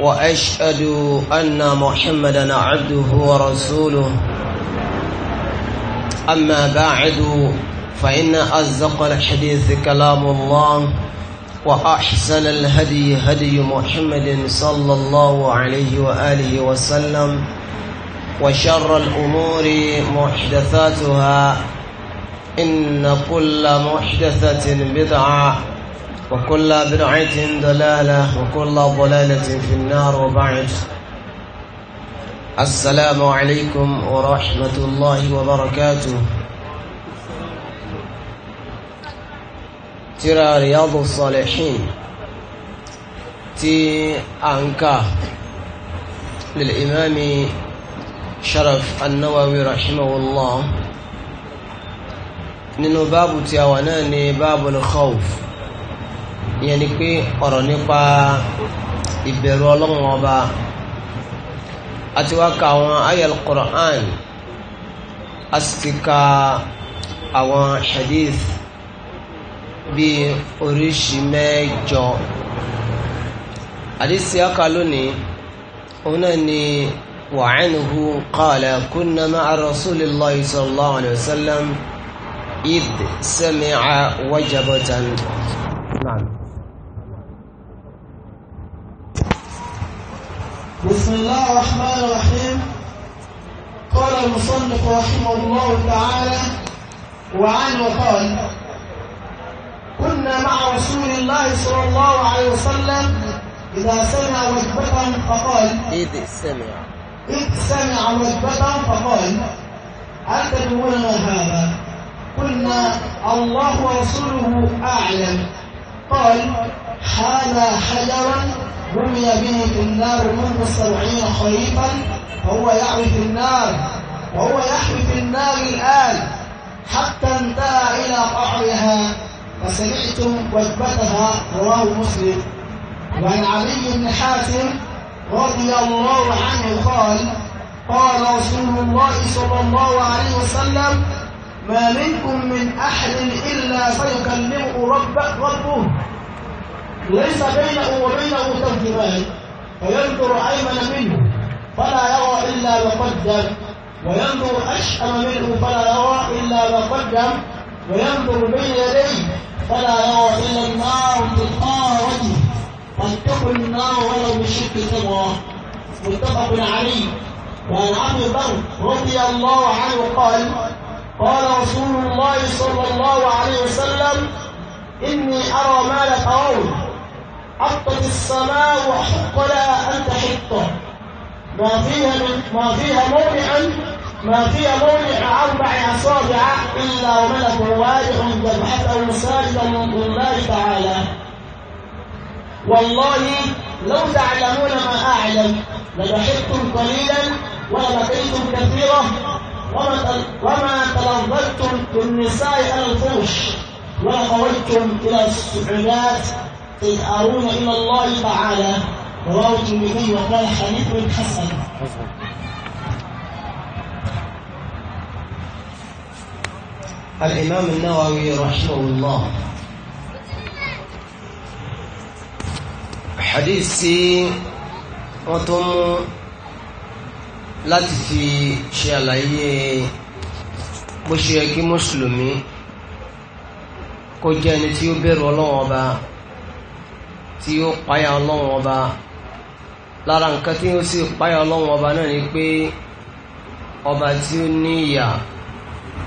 وأشهد أن محمدا عبده ورسوله أما بعد فإن أصدق الحديث كلام الله وأحسن الهدي هدي محمد صلى الله عليه وآله وسلم وشر الأمور محدثاتها إن كل محدثة بدعة وكل بدعة ضلالة وكل ضلالة في النار وبعد السلام عليكم ورحمة الله وبركاته ترى رياض الصالحين تي أنكا للإمام شرف النووي رحمه الله ننو باب تيواناني باب الخوف ìyẹn ni pé ọ̀rọ̀ nípa ìbẹ̀rù ọlọ́run ọba àti wá ka àwọn ayẹl Qur'an a sì ti ka àwọn hadith bíi oríṣi mẹ́jọ hadith yà ká lónìí òun náà ni وعنه قال كنا مع رسول الله صلى الله عليه وسلم إذ سمع وجبة نعم بسم الله الرحمن الرحيم قال المصنف رحمه الله تعالى وعن وقال كنا مع رسول الله صلى الله عليه وسلم إذا سمع وجبة فقال إذ سمع إذ سمع وجبة فقال أتدرون ما هذا قلنا الله ورسوله أعلم قال حال حجرا رمي به في النار منذ سبعين خريفا فهو يعوي في النار وهو يحوي في النار الآن حتى انتهى إلى قعرها فسمعتم وجبتها رواه مسلم وعن علي بن حاتم رضي الله عنه قال قال رسول الله صلى الله عليه وسلم ما منكم من أحد إلا سيكلمه رب ربه ليس بينه وبينه ترجمان فينظر أيمن منه فلا يرى إلا ما قدم وينظر أشأم منه فلا يرى إلا ما قدم وينظر بين يديه فلا يرى إلا النار تلقى وجهه فاتقوا النار ولو بشق تمرة متفق عليه وعن عبد البر رضي الله عنه قال قال رسول الله صلى الله عليه وسلم إني أرى ما لا ترون حطت السماء وحق لها أن تحطه ما فيها ما فيها مولعا ما فيها مولع أربع أصابع إلا وملك واجع ذبحته ساجدا الله تعالى والله لو تعلمون ما أعلم لبحثتم قليلا ولبقيتم كثيرا وما تلظتم بالنساء على الفرش ولا قويتم إلى السعودات تدعون إلى الله تعالى رواه الترمذي وقال حديث حسن الإمام النووي رحمه الله حديثي وتم láti fi ṣe àlàyé bó ṣe yẹ kí mùsùlùmí kó jẹ́ ẹni tí ó bẹ̀rù ọlọ́wọ́n ọba tí ó páyà ọlọ́wọ́n ọba lára nǹkan tí ó sì páyà ọlọ́wọ́n ọba náà ni pé ọba tí ó ní ìyà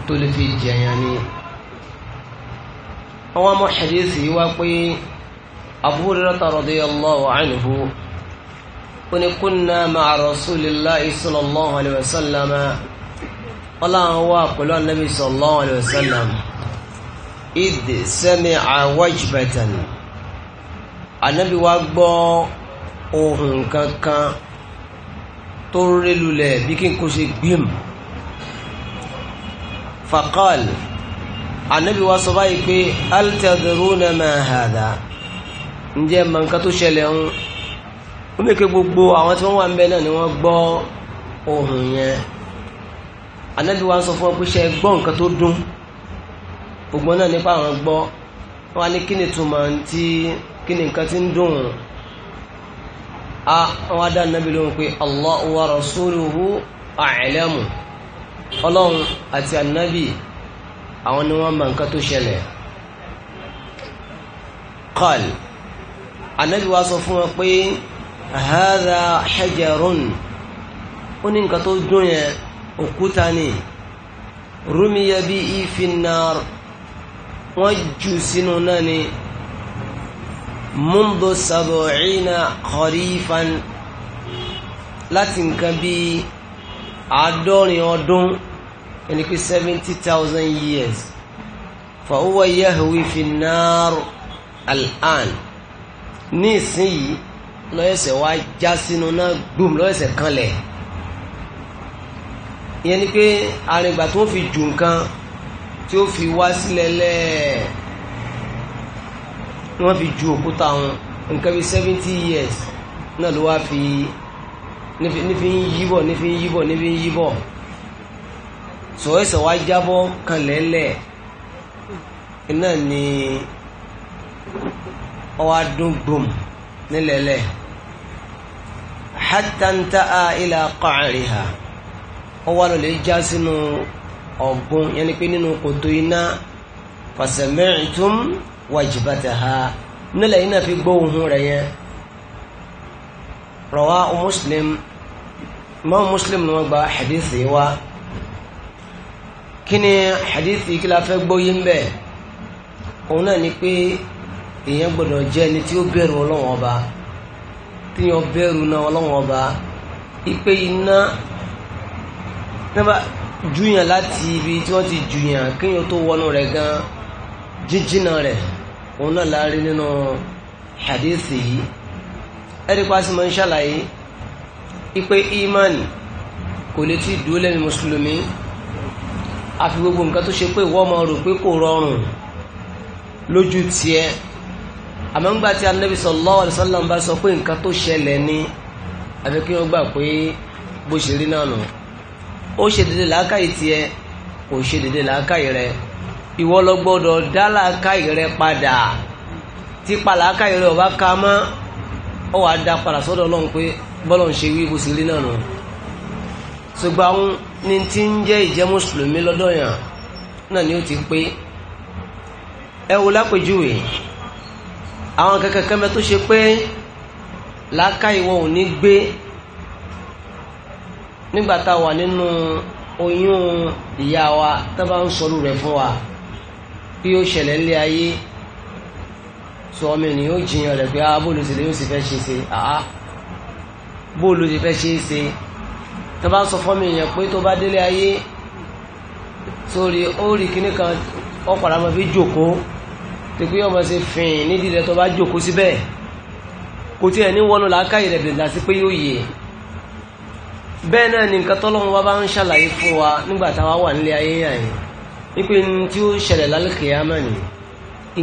tó lè fi jẹ̀yàn ni àwọn ọmọ yìí wá pé Abu Hurairah radiyallahu anhu oni kunna ma'a rasulillahi sallallahu alaihi wasallam ọláhàn wà pẹ̀lú annabi sallallahu alaihi wasallam id sami'a wajbatan annabi wa gbọ́ ohun kankan tó rí lulẹ̀ bí kí n kó ṣe gbìm faqal annabi wa sọ báyìí pé altadruna ma hada ǹjẹ́ mọ̀ nǹkan tó ṣẹlẹ̀ ń ó mèké gbogbo àwọn tí wọ́n wà ń bẹ náà ni wọ́n gbọ́ ohùn yẹn anábì wa ń sọ fún ọ pé ṣe gbọ́ nǹkan tó dún ògbọ́n náà nípa àwọn gbọ́ wọ́n á ní kí ni túmọ̀ tí kí ni nǹkan tí ń dùn a wọ́n á dá anábì lóhùn pé Allahu wa rasuluhu a'lamu ọlọ́run àti anábì àwọn ni wọ́n mọ nǹkan tó ṣẹlẹ̀ qal anábì wa sọ fún wọn pé hadha hajarun ó ní nǹkan tó dún yẹn òkúta ni rumiya bihi fin nar wọ́n jù sínú náà ni mundu sab'ina qarifan láti nǹkan bí àádọ́rin ọdún ẹni pé seventy thousand years fa huwa yahwi al'an ní ìsinyìí lọ́yẹ̀sẹ̀ wá já sínú náà gbòm lọ́yẹ̀sẹ̀ kanlẹ̀ ìyẹn ni pé arìngbà tó fi jù nǹkan tí ó fi wá sílẹ̀ lẹ́ẹ̀ ni wọ́n fi ju òkúta wọn nǹkan bíi seventy years náà ló wá fi nífi ń yíbọ̀ nífi ń yíbọ̀ nífi ń yíbọ̀ sọ̀rọ̀sọ̀ wá jábọ́ kanlẹ̀ lẹ̀ náà ni ọwọ́ adún gbòm nílẹ̀lẹ̀ hátàntà ilà qa'riha wọ́n wá lọ́lẹ̀ já sínú ọ̀gbun yẹn ni pé nínú kòtò iná fasami'tum wajbataha nílẹ̀ iná fi gbọ́ ohun rẹ̀ yẹn rọwá muslim mọ́ muslim ni wọ́n gba hadithi wa kí ni hadithi kí la fẹ́ gbóyé ń òun náà ni pé èèyàn gbọ́dọ̀ jẹ́ ẹni tí ó bẹ̀rù ọlọ́wọ́n ọba tí yàn náà ọlọ́wọ́n ọba ipe iná nígbà júyàn láti ibi tí wọ́n ti júyàn kéèyàn tó wọnú rẹ̀ gan jíjìnà rẹ̀ òun náà láàrin nínú hadithi yìí ẹ̀rí pa sí ṣàlàyé ipe imani kò lè ti dúró lẹ́nu mùsùlùmí àfi gbogbo nǹkan tó ṣe pé ìwọ ọmọ rò pé kò rọrùn lójú tiẹ̀ àmọ́ ń gbà tí anabi sallallahu alaihi wasallam bá sọ pé nǹkan tó ṣẹlẹ̀ ni àfi kí wọ́n gbà pé bó ṣe rí náà nù ó ṣe dédé làákàyè tiẹ̀ kò ṣe dédé làákàyè rẹ ìwọ lọ gbọ́dọ̀ dá làákàyè rẹ padà tí pa làákàyè rẹ ọba ká mọ́ ọ wàá dá padà sọ́dọ̀ Ọlọ́run pé bọ́lọ̀ ń ṣe wí bó ṣe rí náà nù ṣùgbọ́n ní ti ń jẹ́ ìjẹ́ mùsùlùmí lọ́dọ̀ yàn náà ni ó ti pé ẹ wò lápèjúwe àwọn kankan kan bẹ ṣe pé làákà ìwọ ò ní gbé nígbà tá a wà nínú oyún ìyá wa tó bá ń sọrú rẹ fún wa bí ó ṣẹlẹ̀ ńlẹ̀ ayé sọ ọmọ ènìyàn ó jiyàn rẹ̀ pé ah bóòlù sì lè yóò sì fẹ́ ṣe ṣe ah bóòlù sì fẹ́ ṣe ṣe tó bá ń sọ fọ́mọ èèyàn pé tó bá délé ayé sórí ó rí kíní kan ọ̀pọ̀ fi jòkó tó pé ọmọ ṣe fìn nídìí rẹ tó bá jókòó síbẹ̀ kò tí ẹ̀ ní wọnú làákàyè rẹ̀ bìlà sí pé yóò yè bẹ́ẹ̀ náà ni nǹkan tọ́lọ́run wa bá ń ṣàlàyé fún wa nígbà táwa wà nílé ayé yàn yìí wípé ní tí ó ṣẹlẹ̀ lálùkìyámà ni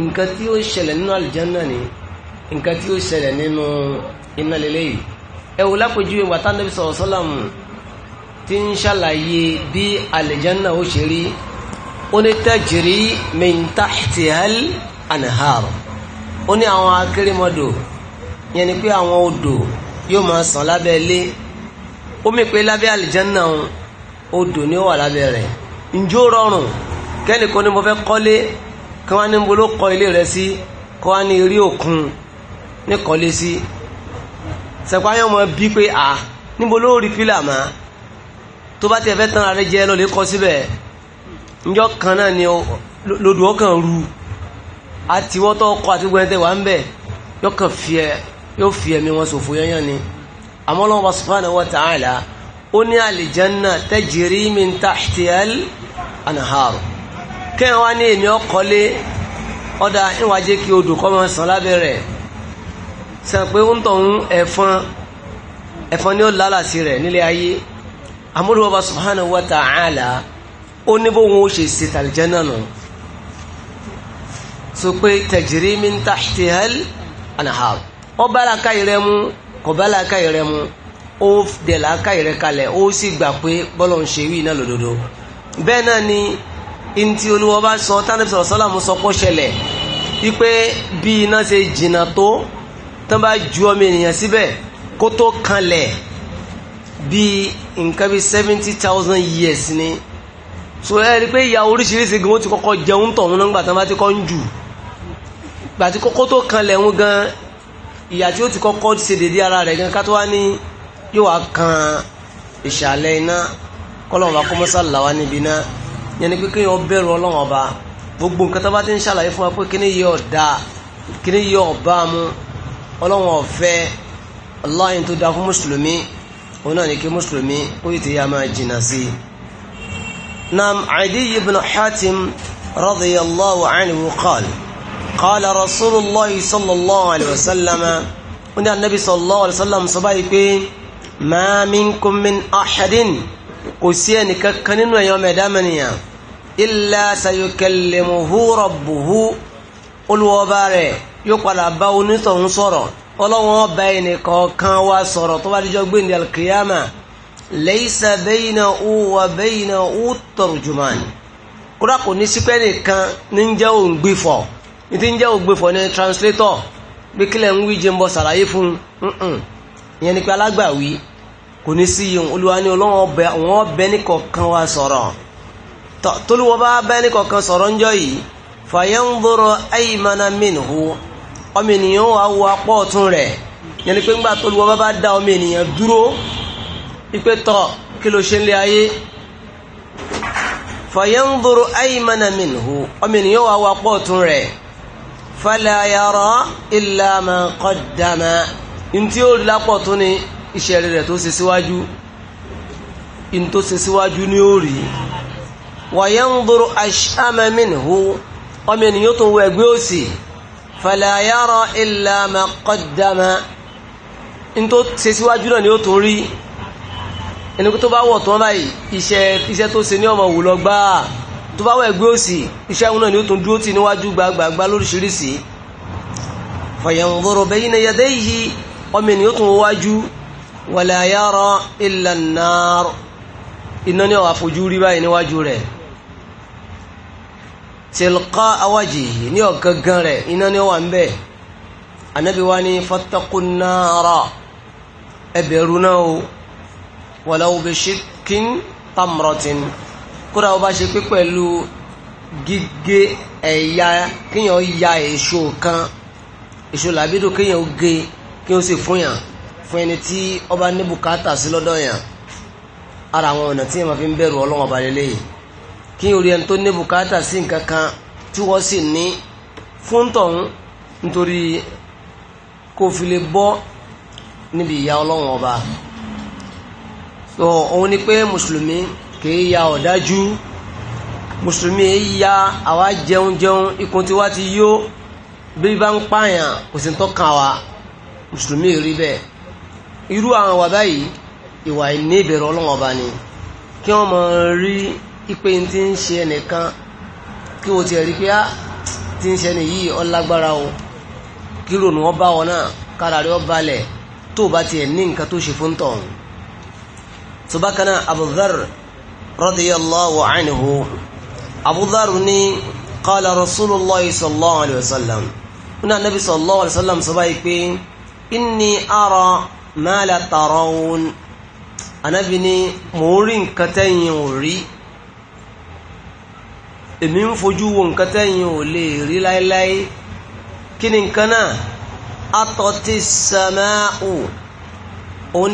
nǹkan tí ó ṣẹlẹ̀ nínú àlùjánnà ni nǹkan tí ó ṣẹlẹ̀ nínú iná lélẹ́ yìí ẹ wò lápèjúwe wà tánàbí sọ̀rọ̀ sọ́làmù tí ń ṣàlàyé bí àlùjánnà ó ṣe rí ó ní tajri min anahar ó ní àwọn akérèmọdò yẹn ni pé àwọn odò yóò máa sàn lábẹ́ ilé ó mì pé lábẹ́ àlìjánná odò ni ó wà lábẹ́ rẹ̀ ǹjọ́ rọrùn kẹ́nìkan ni mo fẹ́ kọ́lé kí wọ́n á ní ń bolo kọ́ ilé rẹ̀ sí kí wọ́n á ní rí òkun ní kọ́lé sí sẹ̀kọ́yọ́ mọ bí pé à níbo ló rí pílà mà tó bá tiẹ̀ fẹ́ tán ara rẹ̀ jẹ́ lọ́lẹ́ kọ́ síbẹ̀ ǹjọ́ kan náà ni lodò ọkàn ru àti wọ́n tó kọ́ àti gbogbo ẹ̀dẹ̀ wà ń bẹ̀ yóò kàn fi ẹ yóò fi ẹ̀mí wọn ṣòfò yányán ni àmọ́ Ọlọ́hun wa subhanahu wa ta'ala ó ní àlìjánná tajri min tahtihal anhar kẹ́hìn wá ní èmi ọkọ̀lé ọ̀dà ìwà jẹ́ kí odò kọ́ máa sàn lábẹ́ rẹ̀ sàn pé ó ń tọ̀ ń ẹ̀fọn ẹ̀fọn ni ó lálàsí rẹ̀ nílé ayé àmọ́ Ọlọ́hun wa subhanahu wa ta'ala ó ní bóun ó ṣe ṣe tàlìjánná nù sọ pé tajri min tahtihal anahar ọba làákà ìrẹ mu kọba làákà ìrẹ mu ó dẹ̀ làákà ìrẹ kalẹ̀ ó sì gbà pé bọ́lọ̀ ń ṣe wí náà lòdòdó bẹ́ẹ̀ náà ni ntí olúwa bá sọ tánàbí sọ̀rọ̀ sọ́làmù sọ pọ́ ṣẹlẹ̀ wípé bí iná ṣe jìnnà tó tán bá ju ọmọ ènìyàn síbẹ̀ kó tó kanlẹ̀ bí nǹkan bí seventy thousand years ni so ẹ rí i pé ìyà oríṣiríṣi gan ó ti kọ́kọ́ jẹun tọ̀hún nígbà tán bá ti kọ́ ń jù gbàtí kókó tó kanlẹ̀ ń gan ìyà tí ó ti kọ́kọ́ ṣe dédé ara rẹ̀ gan ká tó wá ní yóò wá kan ìṣàlẹ̀ iná kọ́lọ́run bá kọ́mọ́sá là wá níbi iná yẹn ni pé kí wọ́n bẹ̀rù ọlọ́run ọba gbogbo nǹkan tó bá ti ń ṣàlàyé fún wa pé kíní yìí ọ̀dà kíní yìí ọ̀bá mu ọlọ́run ọ̀fẹ́ ọláyìn tó da fún mùsùlùmí òun náà ni kí mùsùlùmí ó yìí ti yá máa jìnnà sí i. nam Adiy ibn Hatim radiyallahu anhu qala. قال رسول الله صلى الله عليه وسلم ان النبي صلى الله عليه وسلم صباي ما منكم من احد قسين ككنن يوم دامنيا الا سيكلمه ربه قل وباري يقال باوني تون سورو ọlọ́wọ́n ọba ẹnì kọ̀ọ̀kan wa sọ̀rọ̀ tó ليس بينه وبينه ترجمان alkiyama lẹ́yìísà bẹ́yìnà òwà bẹ́yìnà òwò kò ní sípẹ́ nìkan ní ń jẹ́ òǹgbìfọ̀ ìtí ń jẹ́ ògbèfọ̀ ní translator bí kílẹ̀ ń wí jẹ́ bọ́ sàlàyé fún un ìyẹn ni pé alágbàwí kò ní sí yìí olúwa n'i ọlọ́wọ́n ọbẹ̀ wọ́n ní kọ̀ọ̀kan wa sọ̀rọ̀ tolúwọ́ bá bẹ́ ní kọ̀ọ̀kan sọ̀rọ̀ ń jọ yìí fayanzuru aymana minhu ọmọ ènìyàn wà wọ apọ̀ ọ̀tún rẹ̀ ìyẹn ni pé ńgbà tolúwọ́ bá bá da ọmọ ènìyàn dúró ipe tọ̀ kí ló ṣe ń lé ayé mana ọmọ ènìyàn wà wọ apọ̀ fala yara illa ma qaddama ntí ó rí lápọ̀ tó ní iṣẹ́ rẹ̀ tó ṣe síwájú in tó ṣe síwájú ní ó rí wa yanzuru ashama minhu ọmọ ènìyàn tó wọ ẹgbẹ́ òsì fala yara illa ma ṣe síwájú náà ni ó tó rí ẹni tó bá wọ̀ tán báyìí iṣẹ́ tó ṣe ní ọmọ wù tó bá wọ ẹgbẹ́ òsì iṣẹ́ ìwọ̀n náà ni ó tún dúró tì níwájú gbàgbàgbà lóríṣiríṣi fàyẹ̀ǹgọ́rọ̀ bẹ́yìn náà yàdé yìí ọmọ ènìyàn tún wájú wala yara illa an-nar iná ní ọ̀wà fojú rí báyìí níwájú rẹ̀ tilqa wajihi ní ọ̀gangan rẹ̀ iná ní ọ̀wà ń bẹ̀ anabi wa ni fattaqun nara ẹbẹ̀rù náà o walau bi shikkin kódà ó bá ṣe pé pẹ̀lú gígé ẹ̀yà kéèyàn ya èso kan èso làbídò kéèyàn ó gé kéèyàn ó sì fún yàn fún ẹni tí ó bá ní bùkátà sí lọ́dọ̀ yàn ara àwọn ọ̀nà tí yàn máa fi ń bẹ̀rù Ọlọ́run ọba lélẹ́yìí kéèyàn ó rí ẹni tó ní bùkátà sí nǹkan kan tí wọ́n sì ní fún tọ̀hún nítorí kó fi lè bọ́ níbi ìyà Ọlọ́run ọba so òun ni pé mùsùlùmí kìí ya ọ̀dájú mùsùlùmí ya àwa jẹun jẹun ikùn tiwa ti yó bí bá ń pààyàn kò sí tó kàn wá mùsùlùmí rí bẹ́ẹ̀ irú àwọn wà báyìí ìwà ìní ìbẹ̀rù ọlọ́wọ́n ọba ni kí wọ́n mọ̀ rí ipe tí ń ṣe ẹnìkan kí wọ́n ti rí pé á ah, ti ń ṣe ẹni yìí ọlágbára o kí ronú wọn wọn náà kára rí wọn balẹ̀ tó bá tiẹ̀ ní nǹkan tó ṣe fún tọ̀hún. subakana abudhar radiyallahu anhu Abu Dharr ní qala rasulullah sallallahu alayhi wa sallam ní anabi sallallahu alayhi wa sallam sọ báyìí pé inni ara ma la tarawun anabi ní mò ń rí nǹkan tẹ́yìn ò rí èmi ń fojú wo nǹkan tẹ́yìn ò lè rí láéláé kí ni nǹkan náà atọ́ ti sàmáà òun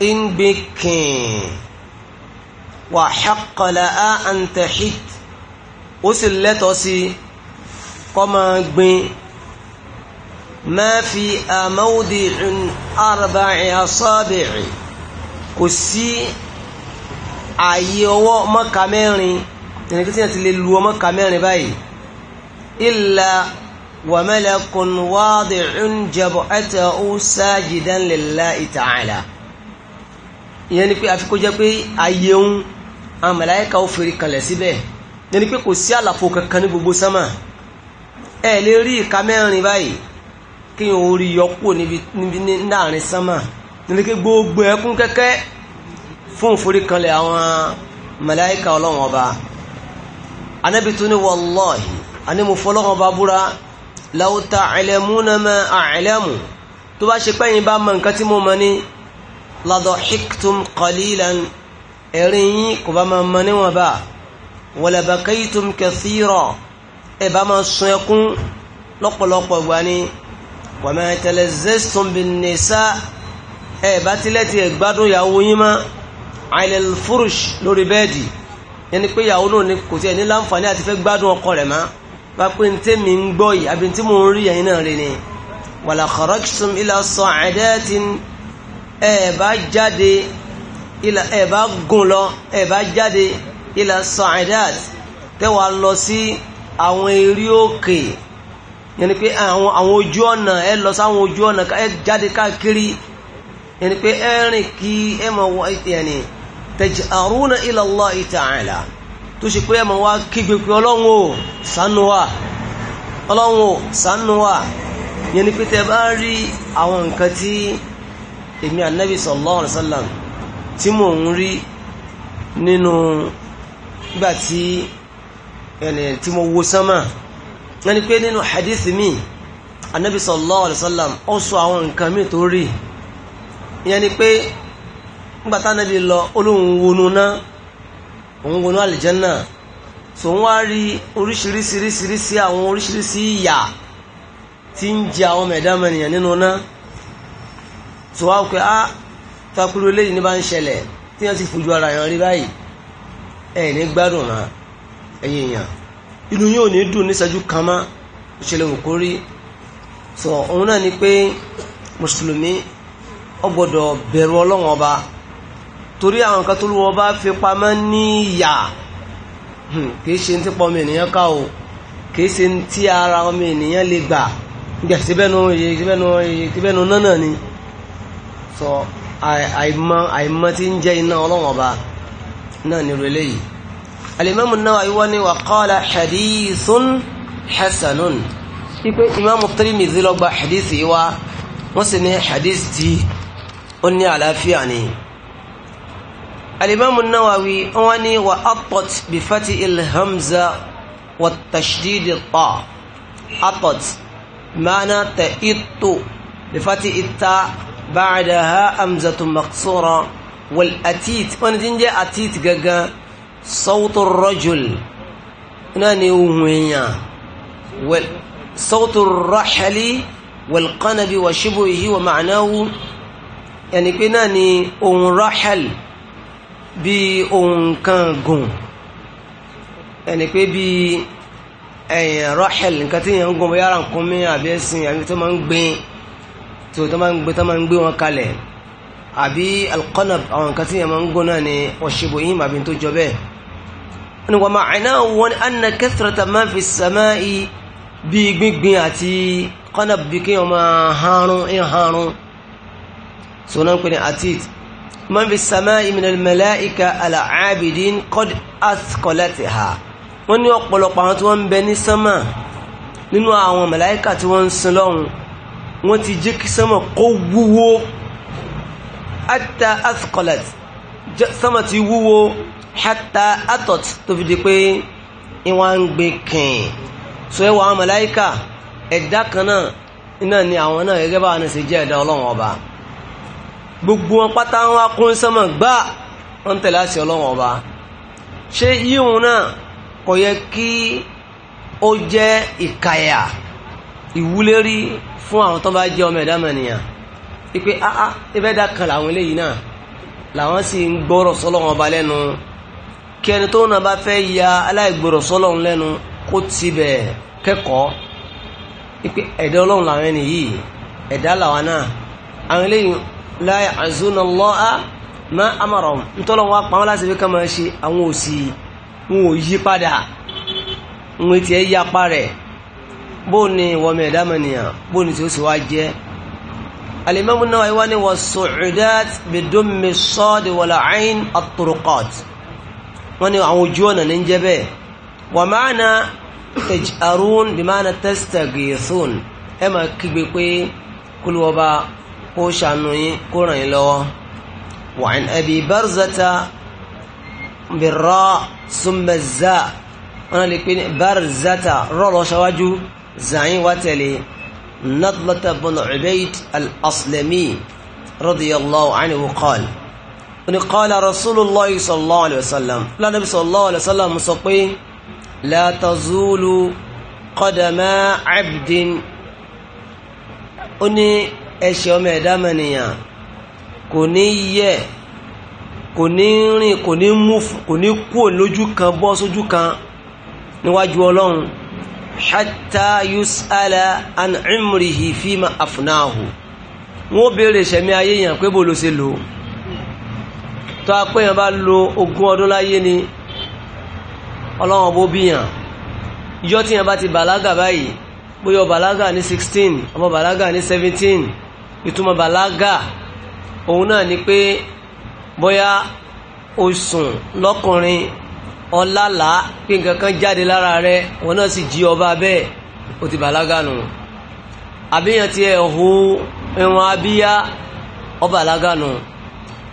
ń gbé kìn wà ṣàkọlà á antahid ó sì lẹ́tọ̀ọ́ sí kọ́ máa gbin ma fi amawdi'in arba'i asabi'i kò sí ààyè ọwọ́ mọ́ka mẹ́rin ẹni kí tíyàn ti lè lu ọmọ́ka mẹ́rin báyìí illa wa malakun wadi'un jab'atahu sajidan lillahi ta'ala ìyẹn ni pé àfi kó jẹ́ pé ayé ń àwọn màláíkà ó fèrè kalẹ̀ síbẹ̀ ìyẹn ni pé kò sí àlàfo kankan ní gbogbo sánmà ẹ lè rí ìka mẹ́rin báyìí kí n ò rí yọkúrò níbi láàrin sánmà ìyẹn ni pé gbogbo ẹkún kẹ́kẹ́ fún ìforí kalẹ̀ àwọn màláíkà ọlọ́wọ́n ọba anábì tún ní wallahi àní ọba búra law ta'lamuna ma a'lamu tó bá ṣe pẹ́yìn bá mọ nǹkan tí mo mọ ní لضحكتم قليلا ارين كبما من وبا ولبقيتم كثيرا ابما سيكون لقلق واني وما تلززتم بالنساء ابات التي اغبادوا ياو يما على الفرش لوري بيدي يعني pé ìyàwó náà ni kò tí ẹ̀ ní láǹfààní àti fẹ́ gbádùn ọkọ rẹ̀ má bá pé ní tèmi ń gbọ́ yìí àbí tí mò ń rí ẹ̀yin náà rí ni wala kharajtum ila sa'adatin ẹ bá jáde ilà ẹ bá gùn lọ ẹ bá jáde ilà Sa'idat tẹ́wà lọ sí àwọn eré òkè yẹni pé àwọn àwọn ojú ọ̀nà ẹ lọ sáwọn ojú ọ̀nà ẹ jáde káàkiri yẹni pé ẹ rìn kí ẹ mọ̀ wá yẹni taj'aruna ila Allah ta'ala tó ṣe pé ẹ mọ̀ wá kígbe pé ọlọ́run ò wa ọlọ́run ò wa yẹni pé tẹ bá rí àwọn nǹkan tí èmi ànábì sallallahu alaihi wasallam tí mò ń rí nínú nígbà tí ẹni tí mo wo sánmà wọ́n ni pé nínú hadith mi ànábì sallallahu alaihi wasallam ó sọ àwọn nǹkan mi tó rí ìyẹn ni pé nígbà tá ànábì lọ olóhùn wọnú náà òun wọnú àlìjẹ́nà tó ń wá rí oríṣiríṣiríṣiríṣi àwọn oríṣiríṣi ìyà tí ń jẹ àwọn mẹ̀dámẹ̀nìyàn nínú náà tó wá pé á ah, takuru eléyìí ní bá ń ṣẹlẹ̀ tí wọ́n ti fojú ara yẹn rí báyìí ẹ̀ gbádùn náà ẹ̀yìn èèyàn inú yóò ní dùn níṣẹ́jú kan mọ́ ìṣẹ̀lẹ̀ òkú rí sọ òun náà ni pé mùsùlùmí ó gbọ́dọ̀ bẹ̀rù ọlọ́wọ́n ọba torí àwọn kan tó lù wọ́n bá fi pamọ́ ní ìyà hmm, kìí ṣe ti pọ̀ ọmọ ènìyàn ká o kìí ṣe ti ara ọmọ ènìyàn lè gbà gbà síbẹ̀nu iye síbẹ̀nu ni so àìmọ̀ àìmọ̀ tí ń jẹ́ iná ọlọ́wọ̀n ọba náà ni rẹ̀ léyìí alimamu Nawawi wọ́n ni wa qala hadithun hasanun ipe imamu Tirmidhi ló gba hadith yìí wá wọ́n sì ní hadith tí ó ní àlàáfíà ni alimamu Nawawi wọ́n ni wa atat bi ilhamza wa tashdid ta atat maana ta ito bi ita بعدها همزة مقصورة والأتيت ونتنجي أتيت جاجا صوت الرجل ناني وينيا وال صوت الرحل والقنب وشبهه ومعناه يعني كنا ني اون رحل بي اون كانغون يعني كي بي اي رحل نكاتين غون بيارا نكومي ابي اسين ابي تو مان غبين tí wọ́n máa ń gbé tó máa ń gbé wọn kalẹ̀ àbí alqanab àwọn nǹkan tí yẹn máa ń gbọ́ náà ni ọ̀ṣẹ́bọ̀ yìí màbí tó jọ bẹ́ẹ̀ ni wọ́n máa àìná wọn anna kathrata ma fi samai bí gbíngbin àti qanab bí kí wọ́n máa harun ń harun so náà ń pè ní atit ma fi samai min almalaika al'abidin qad athqalatiha wọ́n ní ọ̀pọ̀lọpọ̀ àwọn tí wọ́n ń bẹ ní sánmà nínú àwọn màláíkà wọ́n ti jẹ́ kí sánmà kó wúwo hatta athqalat sánmà ti wúwo hatta atot tó fi di pé ìwọ̀n ń gbé kìn so ẹwà àwọn màláíkà ẹ̀dá kan náà iná ni àwọn náà gẹ́gẹ́ bá wọn ṣe jẹ́ ẹ̀dá ọlọ́run ọba gbogbo wọn pátá wọn kún sánmà gbá wọn tẹ̀lé àṣẹ ọlọ́run ọba ṣé yíwọn náà kò yẹ kí ó jẹ́ ìkàyà ìwúlérí fún àwọn tó bá jẹ́ ọmọ ẹ̀dá mẹ́nìyàn ipe aa ah, ah, ibẹ̀ dá kan làwọn eléyìí náà làwọn sì ń gbọ́rọ̀ sọ́lọ́wọ́n ọba lẹ́nu kí ẹni tó náà bá fẹ́ ya aláìgbọ́rọ̀ sọ́lọ́wọ́n lẹ́nu kó tibẹ̀ kẹ́kọ̀ọ́ ipe ẹ̀dá ọlọ́run làwọn ẹni yìí ẹ̀dá làwọn náà àwọn eléyìí la ya'zuna Allaha ma amarahum ntọ́lọ́wọ́n wa pàmò láti fi ká máa ṣe àwọn òsì wọn ò yí padà wọn ti ẹ̀ yapa rẹ̀ bó ni ìwọ̀mẹ̀ ẹ̀dámẹ́nìyàn bó ni tí ó sì wá jẹ́ alimami náà wáyé wá ní wọ́n sọ̀rọ̀dát bidúnmi sọ́ọ̀dì wọ́lá àìn àtúrùkọ́t wọ́n ni àwọn ojú ọ̀nà ní jẹ́ bẹ́ẹ̀ wà máa na tẹ̀járún bí máa tẹ́sítà gẹ̀ẹ́sùn ẹ máa kígbe pé kúlùwọ́ba kó ṣàánú yín kó ràn yín lọ́wọ́ wà ẹbí barzata bìrọ̀ súnmẹ́zà wọ́n lè pè ní barzata rọ́ọ̀lọ́ ṣáwájú zayin wa tẹ̀lé nadlata bin ubayd al-aslami radiyallahu anhu qaal oni qaala rasulillah sallallahu alayhi wa sallam lanabi sallallahu alayhi wa sallam sọ pé la tazulu qadama abdin oni ẹ̀ṣẹ̀ ọmọ ẹ̀dá mẹ́niyàn kò ní yẹ̀ kò ní rìn kò ní mú kò ní kú lójú kan bọ́ sójú kan níwájú ọlọ́run hatta yus'ala an umrihi fima afnahu wọ́n bèèrè ṣẹ̀mí ayé yàn pé bó ló ṣe lò tó a pé yàn bá lo ogún ọdún láyé ni ọlọ́wọ́n bó bí yàn ìjọ tí yàn bá ti bàlágà báyìí bóyá bàlágà ní 16 ọmọ bàlágà ní 17 ìtumọ̀ bàlágà òun náà ni pé bóyá o sùn lọ́kùnrin ọlálà pé nǹkan kan jáde lára rẹ wọn náà sì jí ọba bẹ́ẹ̀ ó ti bàlágà nù àbíyàn ti ẹ̀ hu irun abíyá ọba àlágà nù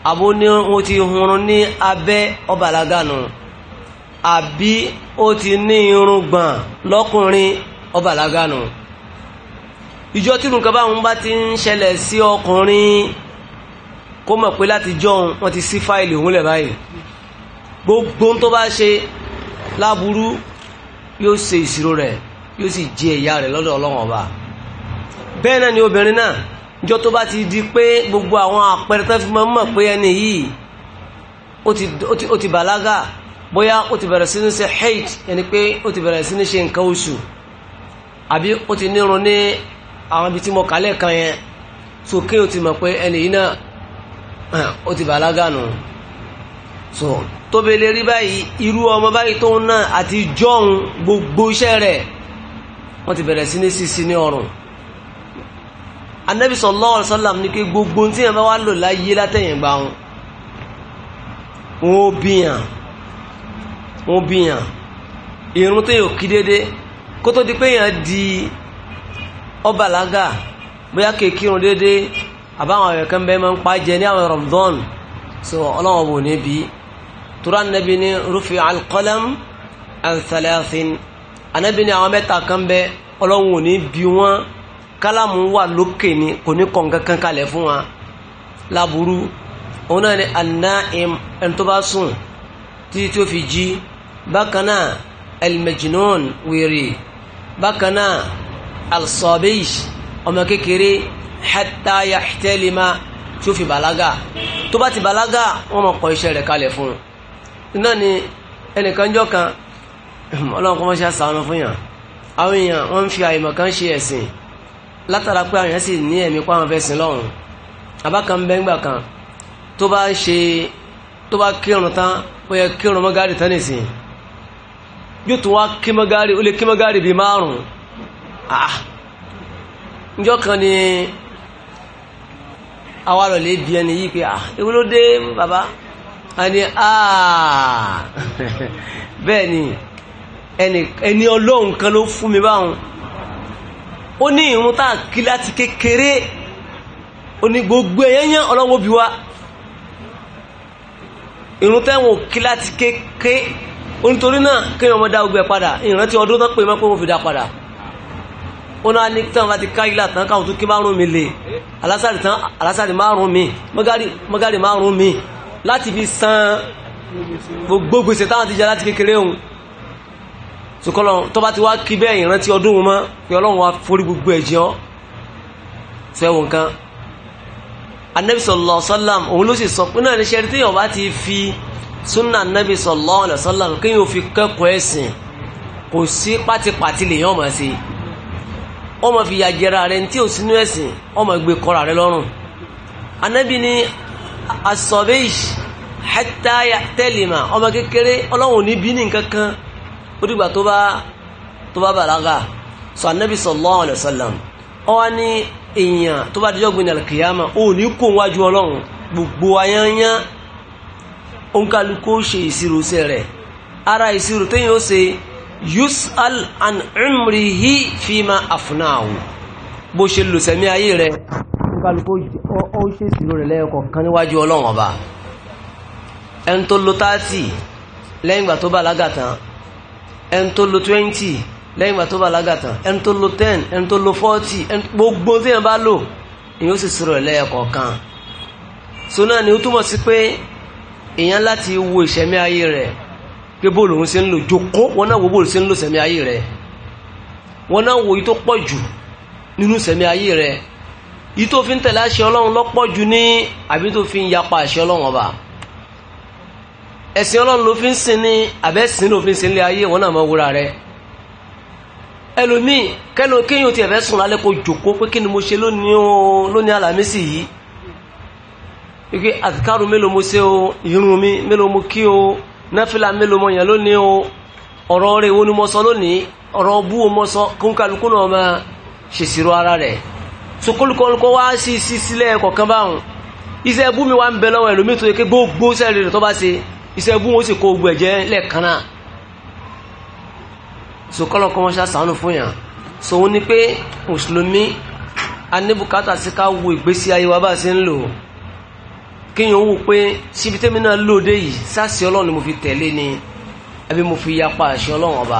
àbó ní wọn ti hunrun ní abẹ́ ọba àlágà nù àbí ó ti ní irun gbọ̀n lọ́kùnrin ọba àlágà nù ìjọ tí nǹkan báwọn bá ti ń ṣẹlẹ̀ sí ọkùnrin kó mọ̀ pé láti jọ́ wọn ti sí fáìlì òun lẹ̀ báyìí gbogbo tó bá ṣe láburú yóò ṣe ìṣirò rẹ̀ yóò sì jẹ ìyà rẹ̀ lọ́dọ̀ ọlọ́wọ́n ọba bẹ́ẹ̀ náà ni obìnrin náà níjọ́ tó bá ti di pé gbogbo àwọn àpẹẹrẹ tó fi máa ń mọ̀ pé ẹni yìí ó ti bàlágà bóyá ó ti bẹ̀rẹ̀ sí ní ṣe hate ẹni pé ó ti bẹ̀rẹ̀ sí ní ṣe nǹkan oṣù àbí ó ti nírun ní àwọn ibi tí mo kálẹ̀ kan yẹn so kí ti mọ̀ pé ẹni yìí náà ó ti bàlágà nù so tó belé rí báyìí irú ọmọ báyìí tó ń ná àti jọ́hun gbogbo iṣẹ́ rẹ̀ wọ́n ti bẹ̀rẹ̀ sí ní sísí ní ọrùn anabi sallallahu alaihi wasallam ní kí gbogbo tí yẹn bá wá lò láyé látẹ̀yìngbà wọn wọn ò bíyàn wọn ò bíyàn irun tó yóò kí déédéé kó tó di pé yẹn di ọbàlágà bóyá kékeré déédéé àbáwọn ẹ̀kẹ́ ń bẹ́ẹ̀ máa ń pa jẹ ní àwọn Ramadan so ọlọ́wọ́n bò ní bíi tura anabi ni rufi alqalam an salasin anabi ni àwọn mẹ́ta kan bẹ ọlọ́run ò ní bí wọ́n kálámù wà lókè ni kò ní kọ̀ǹkan kan kalẹ̀ fún wa láburú òun náà ni anáìm ẹni tó bá sùn títí tí ó fi jí bákan náà elmejinun wèrè bákan náà alsabish ọmọ kékeré hatta yahtalima tí ó fi bàlágà ti bàlágà wọ́n mọ̀ kọ iṣẹ́ rẹ̀ kalẹ̀ fún náà ni ẹnìkan jọ kan ọlọ́run kọ́ mọ́ṣá sàánú fún yàn àwọn èèyàn wọ́n ń fi àyèmọ̀ kan ṣe ẹ̀sìn látara pé àwọn èèyàn sì ní ẹ̀mí pa àwọn fẹ́sìn lọ́run abákan bẹ́ngbà kan tó bá ṣe tó bá kírun tán ó yẹ kírun mọ́gárì tán nìsín yóò tún wá kí mọ́gárì ó lè kí mọ́gárì bíi márùn-ún ah njọ́ kan ni àwa lọ lè bí ẹni yìí pé ah ewu ló a ní àà ah! bẹ́ẹ̀ ni ẹni ọlọ́run kan ló fún mi báhùn ó ní ìrún tàà kí láti kékeré ó ní gbogbo ẹ̀yẹ́yẹ́ ọlọ́wọ́ bí wá ìrún tẹ́wọ̀n kí láti kéké ó nítorí náà kí ọmọ dá ogun ẹ̀ padà ìrántí ọdún tán pè mọ́ pé wọ́n fi dá padà ó náà ní tán láti ká ilá tán káwọn tó kí márùn mi lè alásàrì tán alásàrì márùn mi mọ́gárì márùn mi láti fi san gbogbo gbèsè táwọn ti jẹ láti kékeré òun sùkọ́lọ̀ tó bá ti wá kí bẹ́ẹ̀ ìrántí ọdún wọn mọ́ pé ọlọ́run wa forí gbogbo ẹ̀jẹ̀ ọ́ sẹ́wọ̀n kan anabi sallallahu alaihi wasallam òun ló sì sọ pé náà ní sẹ́rí téèyàn bá ti fi sunna anabi sallallahu alaihi wasallam kéèyàn ò fi kẹ́kọ̀ọ́ ẹ̀sìn kò sí pátipàti lèèyàn máa ṣe ọmọ fìyà jẹra rẹ ní tí ò sínú ẹ̀sìn ọmọ gbé kọ́ra rẹ lọ́rùn anabi ni asọ̀bẹ́yì hẹ́táyà tẹ́lẹ̀mà ọmọ kékeré ọlọ́run ní bí ní kankan ó dìgbà tó bá tó bá bàlágà sọ anábì sallallahu alaihi wasallam ọwá ní èèyàn tó bá dijọ́ gbin alkiyama ó ní kó wájú ọlọ́run gbogbo ayányá òǹkàlùkò ṣe ìṣirò sí rẹ̀ ara ìṣirò téèyàn ó ṣe yus'al an umrihi fima afnahu bó ṣe lò sẹ́mi ayé rẹ̀ kálukú ó ṣèṣì rẹ̀ lẹ́yọkọ̀ọ̀kan níwájú ọlọ́run ọba ẹni tó lo táàtì lẹ́yìn ìgbà tó bàlágà tán ẹni tó lo twenty lẹ́yìn ìgbà tó bàlágà tán ẹni tó lo ten ẹni tó lo forty gbogbo tí yẹn bá lò èyí ó sì sọ̀rọ̀ lẹ́yọkọ̀ọ̀kan so náà ni ó túmọ̀ sí pé èèyàn láti wo ìṣẹ̀mí ayé rẹ̀ pé bóòlù òun ṣe ń lò jókó wọn náà wo bóòlù ṣe ń lò ìṣẹ̀mí ayé rẹ̀ wọn náà wo èyí pọ̀ jù nínú ìṣẹ̀mí ayé rẹ̀ yìí tó fi ń tẹ̀lé àṣẹ ọlọ́run lọ́pọ̀ jù ní àbí tó fi ń yapa àṣẹ ọlọ́run ọba ẹ̀sìn ọlọ́run ló fi ń sin ní àbẹ́sìn ló fi ń sin ilé ayé wọn náà mọ wúra rẹ ẹlòmíì kẹ́lò kéèyàn ti ẹ̀fẹ́ sùn lálẹ́ kó jòkó pé kí ni mo ṣe lónìí o lónìí àlàmísì yìí wípé àtikáàrù mélòó mo ṣe o irun mi mélòó mo kí o náfìlà mélòó mo yàn lónìí o ọ̀rọ̀ rẹ̀ wo ni mo sọ lónìí ọ̀rọ̀ bú o mo sọ kóńkálukú náà máa ṣèṣirò ara rẹ̀ so kólukọ́lukọ́ wá sí sí sílẹ̀ kọ̀ọ̀kan báwọn iṣẹ́ ẹbú mi wá ń bẹ lọ́wọ́ ẹlòmíì tó yẹ kí gbogbo sẹ́ẹ̀lì rẹ̀ tó bá ṣe iṣẹ́ ẹbú wọn sì kó ogun ẹ̀jẹ̀ lẹ́ẹ̀kan náà so kọ́lọ̀ kọ́ wọ́n ṣe àṣàánú fún yàn so wọ́n ní pé mùsùlùmí anébùkátà sí ká wo ìgbésí ayé wa bá ṣe ń lò kéèyàn wò pé síbi tẹ́mi náà lóde yìí sáàsì ọlọ́run ni mo fi tẹ̀lé ni àbí mo fi yapa àṣẹ ọlọ́run ọba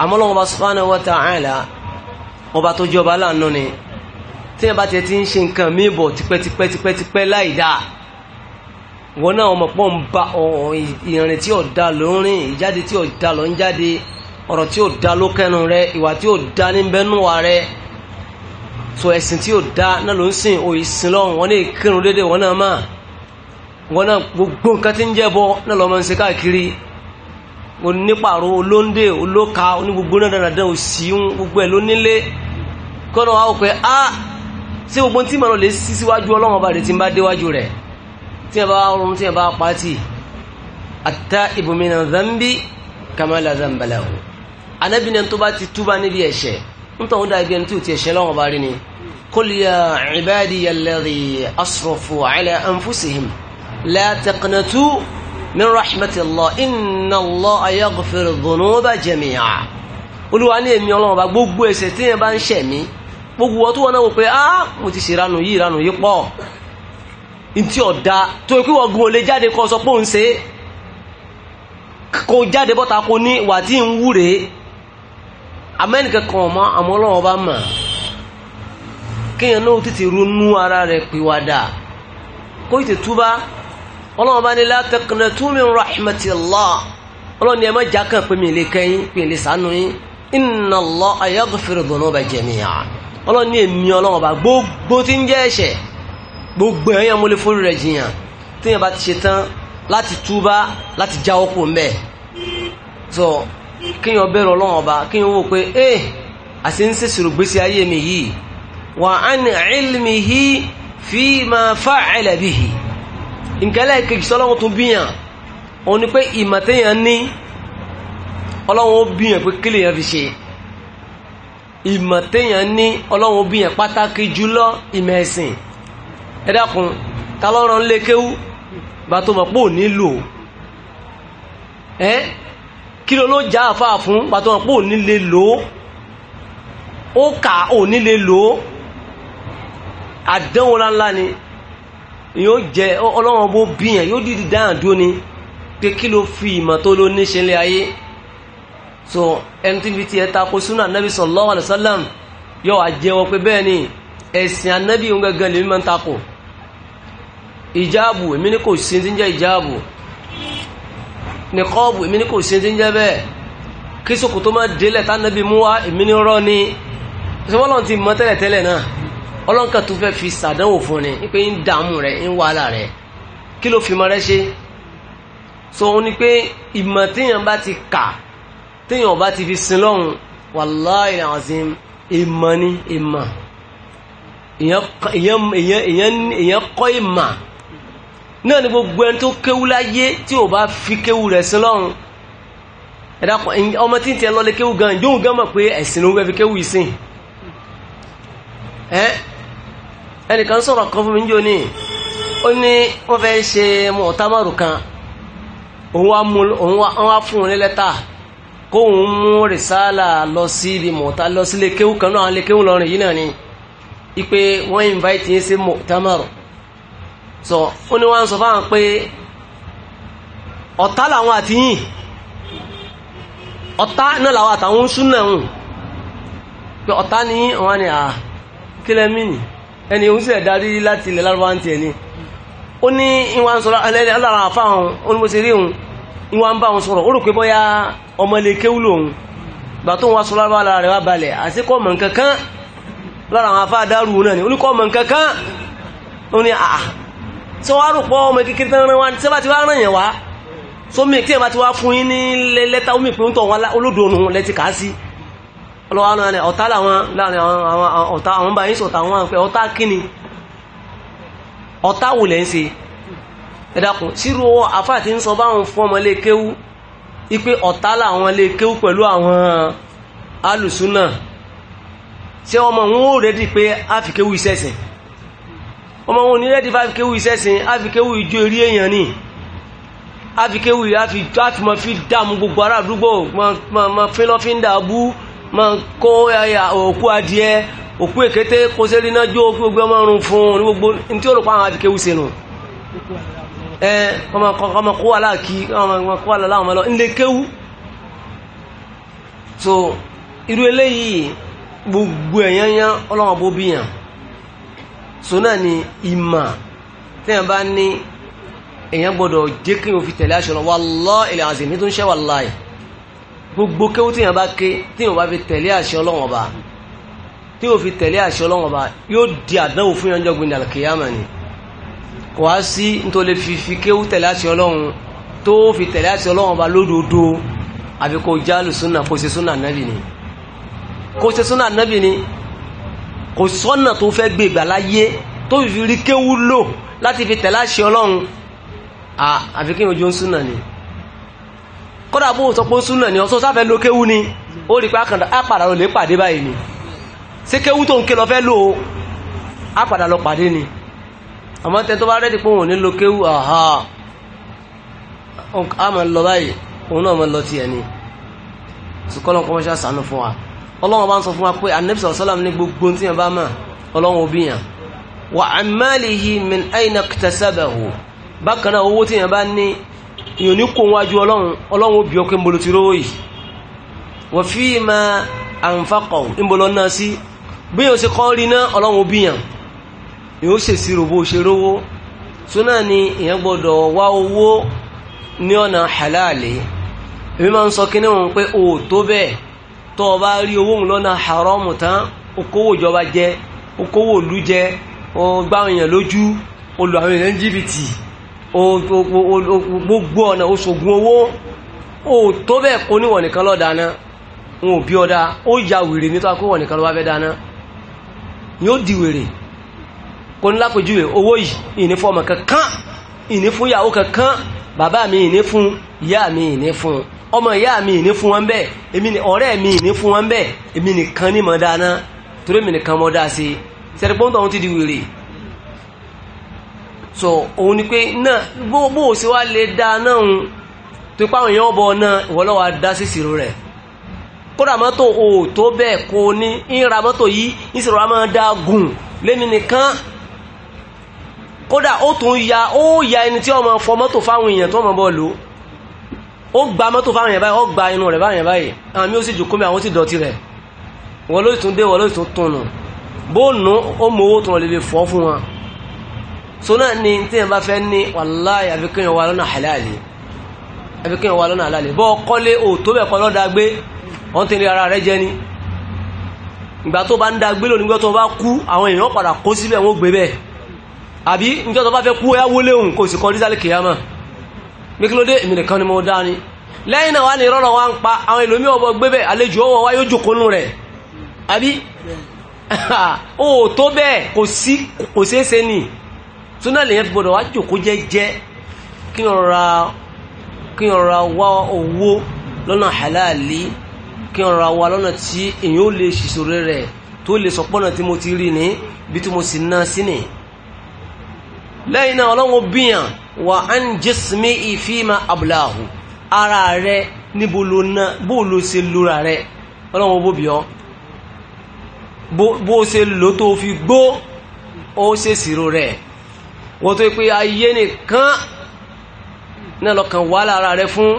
àmọ́ ọlọ́run ọba subhanahu wa ta'ala ọba tó jọba láàánú ni tí ẹ bá tiẹ̀ ti ń ṣe nǹkan mí bọ̀ tipẹ́tipẹ́tipẹ́ láì dáa wọn náà ọmọ pọ̀ ń ba ìrìn tí ò da ló ń rìn ìjáde tí ò da ló ń jáde ọ̀rọ̀ tí ò da ló kẹnu rẹ ìwà tí ò da ní bẹ́nùwà rẹ so ẹ̀sìn tí ò da náà ló ń sìn òyì sin lọ́rùn wọn ní ìkírun déédéé wọn náà mà wọn náà gbogbo nǹkan tí ń jẹ́ bọ náà lọ́mọ ń ṣe káàkiri onípàrọ̀ olóńdè olóka onígbogbo náà dáadáa òsì gbogbo ẹ̀ lónílé kọ́nà wa ó pẹ́ ah tí gbogbo tí màá lọ lè sí síwájú ọlọ́run ọba rẹ̀ tí ń bá déwájú rẹ̀ tí ẹ bá rún tí ẹ bá pàtì àtà ìbòmínà zambi kamala zambalahu anábìnà tó bá ti túbá níbi ẹ̀ṣẹ̀ nítorí wọn dàbí ẹni tí ò ti ẹ̀ṣẹ̀ lọ́wọ́ ọba rí ni qul ya ibadiya alladhi asrafu ala anfusihim la taqnatu min rahmatillah inna allaha yaghfiru dhunuba jami'a olúwa ní èmi ọlọ́run ọba gbogbo ẹ̀ṣẹ̀ tí yẹn bá ń ṣẹ̀ gbogbo ọ tó wọn náà wò pé ah mo ti ṣe ìranù yìí ìranù yìí pọ̀ ntí ọ̀dà tó ikú wọ́n gun olè jáde kọ́ sọ pé òun ṣe kó jáde bọ́ta kó ní wà tí ń wúre amẹ́nìkẹ́ kan ọmọ àmọ́ ọlọ́wọ́ bá mà kéèyàn náà tètè ronú ara rẹ̀ pìwàdà kó tètè túbá ọlọ́wọ́ bá ní la taqnatu min rahmatillah ọlọ́wọ́ ni ẹ má jákàn pé mi lè kẹ́yìn pé lè sànú yín inna Allah yaghfiru dhunuba jami'a ọlọ́run ní èmi ọlọ́run ọba gbogbo tí ń jẹ́ ẹ̀ṣẹ̀ gbogbo ẹ̀yàn mo lè forí rẹ̀ jiyàn téèyàn bá ti ṣe tán láti túbá láti jáwọ́ kò mbẹ́ so kéèyàn bẹ̀rù ọlọ́run ọba kéèyàn wò pé ee eh, àti ń sèṣirò gbèsè ayé mi yìí wà á ní ilmihi fi ma fa'ala bihi nǹkan lẹ́ẹ̀kejì sọ́lọ́run tún bíyàn òun ni pé ìmọ̀ téèyàn ní ọlọ́run ó bíyàn pé kílèyàn fi ṣe ìmọ̀ téèyàn ní ọlọ́run òbí yẹn pàtàkì jùlọ ìmọ̀ ẹ̀sìn ẹ dákun ta lọ́rọ̀ ń lé kéwú bá tó mọ̀ pé ò nílò ẹ́ kí ló ló já àfáà fún bá tó mọ̀ pé ò nílé lò ó kà ò nílé lò ó àdánwò ńláńlá ni yóò jẹ ọlọ́run bó bí yẹn yóò dìdí dáhàn dúró ni pé kí ló fi ìmọ̀ tó ló ní ṣe lé ayé so ẹni tó fi tiẹ̀ tako sunna anabi sallallahu alayhi wa sallam yóò wá jẹ́wọ́ pé bẹ́ẹ̀ ni ẹ̀sìn anabi òun gangan lèmi máa ń tako ìjáàbù èmi ní kò sí ti ń jẹ́ ìjáàbù nìkọ́ọ̀bù èmi ní kò sí ti ń jẹ́ bẹ́ẹ̀ kí sòkòtò máa délẹ̀ tánàbí mú wá èmi ní rọ́ ni ṣe ti mọ tẹ́lẹ̀ tẹ́lẹ̀ náà ọlọ́nkà tó fẹ́ fi sàdánwò fún ni pé ń dààmú rẹ̀ ń wàhálà rẹ̀ kí ló fi mọ rẹ́ ṣe so òun ni pé ìmọ̀ téèyàn bá ti kà téèyàn bá ti fi sin lọ́hùn wàláì àzìm ìmọ̀ ni ìmọ̀ èèyàn kọ́ ìmọ̀ náà ni gbogbo ẹni tó kéwú láyé tí ò bá fi kéwú rẹ̀ sin lọ́hùn ẹ̀dàkọ̀ ọmọ tí ń tẹ́ lọ́lé kéwú gan yóò gan mọ̀ pé ẹ̀sìn ló fẹ́ fi kéwú ìsìn ẹnìkan sọ̀rọ̀ kan fún mi jò ní ó ní wọ́n fẹ́ ṣe mọ̀ọ́támọ̀rù kan òun wá fún un ní lẹ́tà kóun mú rìsálà lọ sí ibi mọ̀tá lọ sí lékéwù kan náà lékéwù lọ́rùn yìí náà ni ipe wọ́n invite yín sí mọ̀támọ̀rọ̀ sọ ó ní wọ́n sọ fáwọn pé ọ̀tá làwọn àti yìn ọ̀tá náà làwọn àtàwọn súnà hùn pé ọ̀tá ni wọ́n ni àà kílẹ̀ mìíní ẹni òun sì lè darí láti ilẹ̀ lárúbáwá tiẹ̀ ni ó ní ìwà ń sọ̀rọ̀ ẹlẹ́ni alára àfáhùn ó ní mo ti rí òun ìwà ń bá òun sọ̀rọ̀ ó rò pé bóyá ọmọlékéwú lòun gbà tó ń wá sọ lárúbá lára rẹ̀ wá balẹ̀ àsìkò mọ̀ nkankan lára àwọn afá dárú náà ni oníkọ́ mọ̀ nkankan ó ní àà tí wọ́n á rò pọ̀ ọmọ kékeré tán rán wá ní sábà tí wọ́n á ràn yẹn wá tó mí tí ẹ̀ bá ti wá fún yín ní lẹ́tà omi ìpín tó wọn olódò òun lẹ́tì kà á sí ọlọ́wọ́ ọ̀tá làwọn láàrin àwọn ọ̀tá àwọn bá yín sọ̀tà àwọn àpẹ ọ̀tá kíni ọ̀tá wò lẹ́ ń ṣe ẹ̀dàkùn sírò àfáà ti ń sọ báwọn fún ọmọ ilé kéwú ipe ọ̀tá làwọn lè kéwú pẹ̀lú àwọn alùsúnà ṣé ọmọ wọn ò rẹ́dí pé a fi kéwú ìṣẹ́sìn ọmọ wọn ò ní rẹ́dí fáfi kéwú ìṣẹ́sìn a fi kéwú ìjó eré èèyàn ni a fi kéwú a fi mọ fi dààmú gbogbo ará àdúgbò mọ fínlọ́fíndà bú mọ kó òkú adìẹ òkú èkété kó sẹ́rí náà jó gbogbo ọmọ ọrùn fún un ní gbogbo ní tí ó rò pa àwọn a fi kéwú sínú ẹ ọmọ kó wà láàkí ọmọ kó wà láàwọn ọmọ lọ ń lè kéwú so irú eléyìí gbogbo ẹ̀yányán ọlọ́wọ́n bíyàn so náà ni ìmà tẹ́yàn bá ní èyàn gbọ́dọ̀ jẹ́ kí wọ́n fi tẹ̀lé aṣọ náà wallahi ilẹ̀ àti èmi tó ń ṣẹ́ wallahi gbogbo kéwú tẹ́yàn bá ké tẹ́yàn bá bá fi tẹ̀lé aṣọ ọlọ́wọ́n yóò di àdánwò fún yànjọ́ gbìyànjú àlùkìyàmà ni kò wá sí nítorí fífi kéwú tẹ̀lé àṣẹ ọlọ́run tó fi tẹ̀lé àṣẹ ọlọ́run ọba lódodo àbí kò já lùsùnà kò ṣe súnà nábì ni kò ṣe súnà nábì ni kò sọ́nà tó fẹ́ gbé ìgbà láyé tó fi rí kéwú lò láti fi tẹ̀lé àṣẹ ọlọ́run àfi kí ojú ń súnà ni kódà bó sọ pé ó súnà ni ọ̀sọ́ sáfẹ́ lo kéwú ni ó rí pé àpàdà ló lè pàdé báyìí ni ṣé kéwú tó ń ké lọ fẹ́ lò ó àpàdà lọ pàdé ni àmọ́ tẹ́ tó bá rẹ́dì pé òun ò ní lo kéwù àhà a máa lọ báyìí òun náà máa lọ tiẹ̀ ni sùkọ́lọ́n kọ́ mọ́ṣá sànú fún wa ọlọ́run bá ń sọ fún wa pé anabisa ọ̀sálàm ní gbogbo tí yẹn bá mọ̀ ọlọ́run òbí yẹn wà àmàlìhì min àyìnà kìtàsábàhù bákan náà owó tí yẹn bá ní èèyàn ní kó wájú ọlọ́run ọlọ́run òbí ọkẹ́ mbolo ti rówó yìí wọ́n fi máa àǹfàkọ̀ mbolo náà sí bí yẹn ò kọ́ rí náà ọlọ́run òbí yẹn yóò ṣèṣirò robo ṣe rówó súnà ni ìyẹn gbọ́dọ̀ wá owó ní ọ̀nà halali èmi máa ń sọ kí níwọ̀n pé o tó bẹ́ẹ̀ tó o bá rí owó na lọ́nà haramu tán okòwò ìjọba jẹ okòwò ìlú jẹ o gbá àwọn èèyàn lójú o lu àwọn èèyàn jìbìtì o gbogbo ọ̀nà o ṣògùn owó o tó bẹ́ẹ̀ kó níwọ̀n nìkan lọ́ọ́ dáná wọn ò bí ọ ó wèrè nítorí nìkan fẹ́ dáná di kò ní lápèjúwe owó yìí ìní fún ọmọ kankan ìní fún ìyàwó kankan bàbá mi ìní fún ìyá mi ìní fún ọmọ ìyá mi ìní fún wọn bẹ́ẹ̀ èmi ni ọ̀rẹ́ mi ìní fún wọn bẹ́ẹ̀ èmi nìkan ní mọ̀ dáná torí èmi nìkan mọ̀ dá sí sẹ́ni pọ́ńtò ọ̀hún ti di wèrè so òun ni pé náà bó o sì wá lè dá náà ń tó ipá àwọn èèyàn ọbọ náà ìwọlọ́wà dá sí ìṣirò rẹ̀ kódà mọ́tò ò bẹ́ẹ̀ kò ní ìra mọ́tò yìí ìṣirò wa máa dá gùn lémi nìkan kódà ó tún ya ó ya ẹni tí ọmọ fọ mọ́tò fáwọn èèyàn tó mọ̀ bọ́ lò ó gba mọ́tò fáwọn èèyàn báyìí ó gba inú rẹ̀ báyìí báyìí àwọn mi ó sì jòkó mi àwọn ó sì dọ̀tí rẹ̀ wọ́n ló tún dé wọ́n ló tún tún nù bóònù ó mọ owó tún lè fọ́ fún wọn so náà ni tí ẹ bá fẹ́ ní wàláì àfikẹ́yàn wà lọ́nà àlàálì àfikẹ́yàn wà lọ́nà àlàálì bọ́ kọ́lé ò bẹ̀ kọ́ lọ́dà tó bá ń da gbé lónìí tó bá kú àwọn èèyàn padà kó síbẹ̀ wọ́n gbé bẹ́ẹ̀ àbí níjọ́ tó bá fẹ́ kú ẹ́ wọlé òun kò sì kọ́ dísàlẹ̀ kìyàmà ní kí ló dé èmi nìkan ni mo dá ni lẹ́yìn náà wà ní ìrọ̀rọ̀ wa ń pa àwọn ìlú mi ọ̀bọ̀ gbébẹ̀ àlejò ọwọ́ wa yóò jòkónú rẹ̀ àbí ó tó bẹ́ẹ̀ kò sí kò ṣeé ṣe nì súnà lèyàn fi gbọdọ̀ wá jòkó jẹ́jẹ́ kí n ra wá owó lọ́nà halali kí n ra wá lọ́nà tí èyàn ó lè ṣìṣòro rẹ̀ tó lè sọpọ́nà tí mo ti rí ni bí tí mo sì ná sí nìyí lẹ́yìn náà ọlọ́run bíyàn wà á ń jésìmí ìfìmà abúláhù ara rẹ níbo ló ná bó ló ṣe lura rẹ ọlọ́run bó bíọ́ bó ṣe lò tó fi gbó ó ṣe ṣírò rẹ wọ́n tó pé ayé nìkan náà lọ́kàn wà lára rẹ fún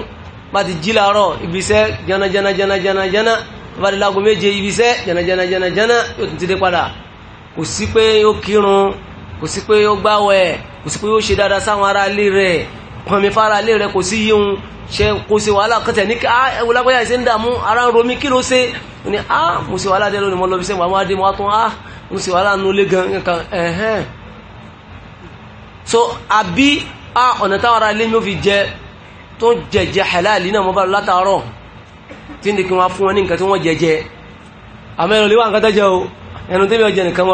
bá ti jí láàárọ̀ ibiṣẹ́ jánajánajánajánajánà bá ti láago méje ibiṣẹ́ jánajánajánajánà yóò tún ti dé padà kò sí pé ó kírun kò sí pé ó gbáwẹ̀ kò sí pé ó ṣe dáadáa sáwọn ará ilé rẹ̀ pọnmi fara ilé rẹ̀ kò sí yíhun ṣe kò sí wàhálà kọtẹ̀ ní ẹwùlágbáyà ìṣe ń dààmú ara ń romi kí ló ṣe ó ní á mo sì wàhálà dẹ́rọ ni mo lọ bí sẹ́wọ̀n àwọn adé mo wá tún á mo sì wàhálà nu ilé gan kan ẹ̀hẹ́n so àbí á ọ̀nà táwọn ará ilé mi ò fi jẹ tó jẹjẹ halali náà mo bá lọ látàárọ̀ tí ní kí wọ́n fún wọn ní nǹkan tí wọ́n jẹjẹ àmọ́ ẹnu lè wà nǹkan tó jẹ o ẹnu tẹ́mi ọjẹ nìkan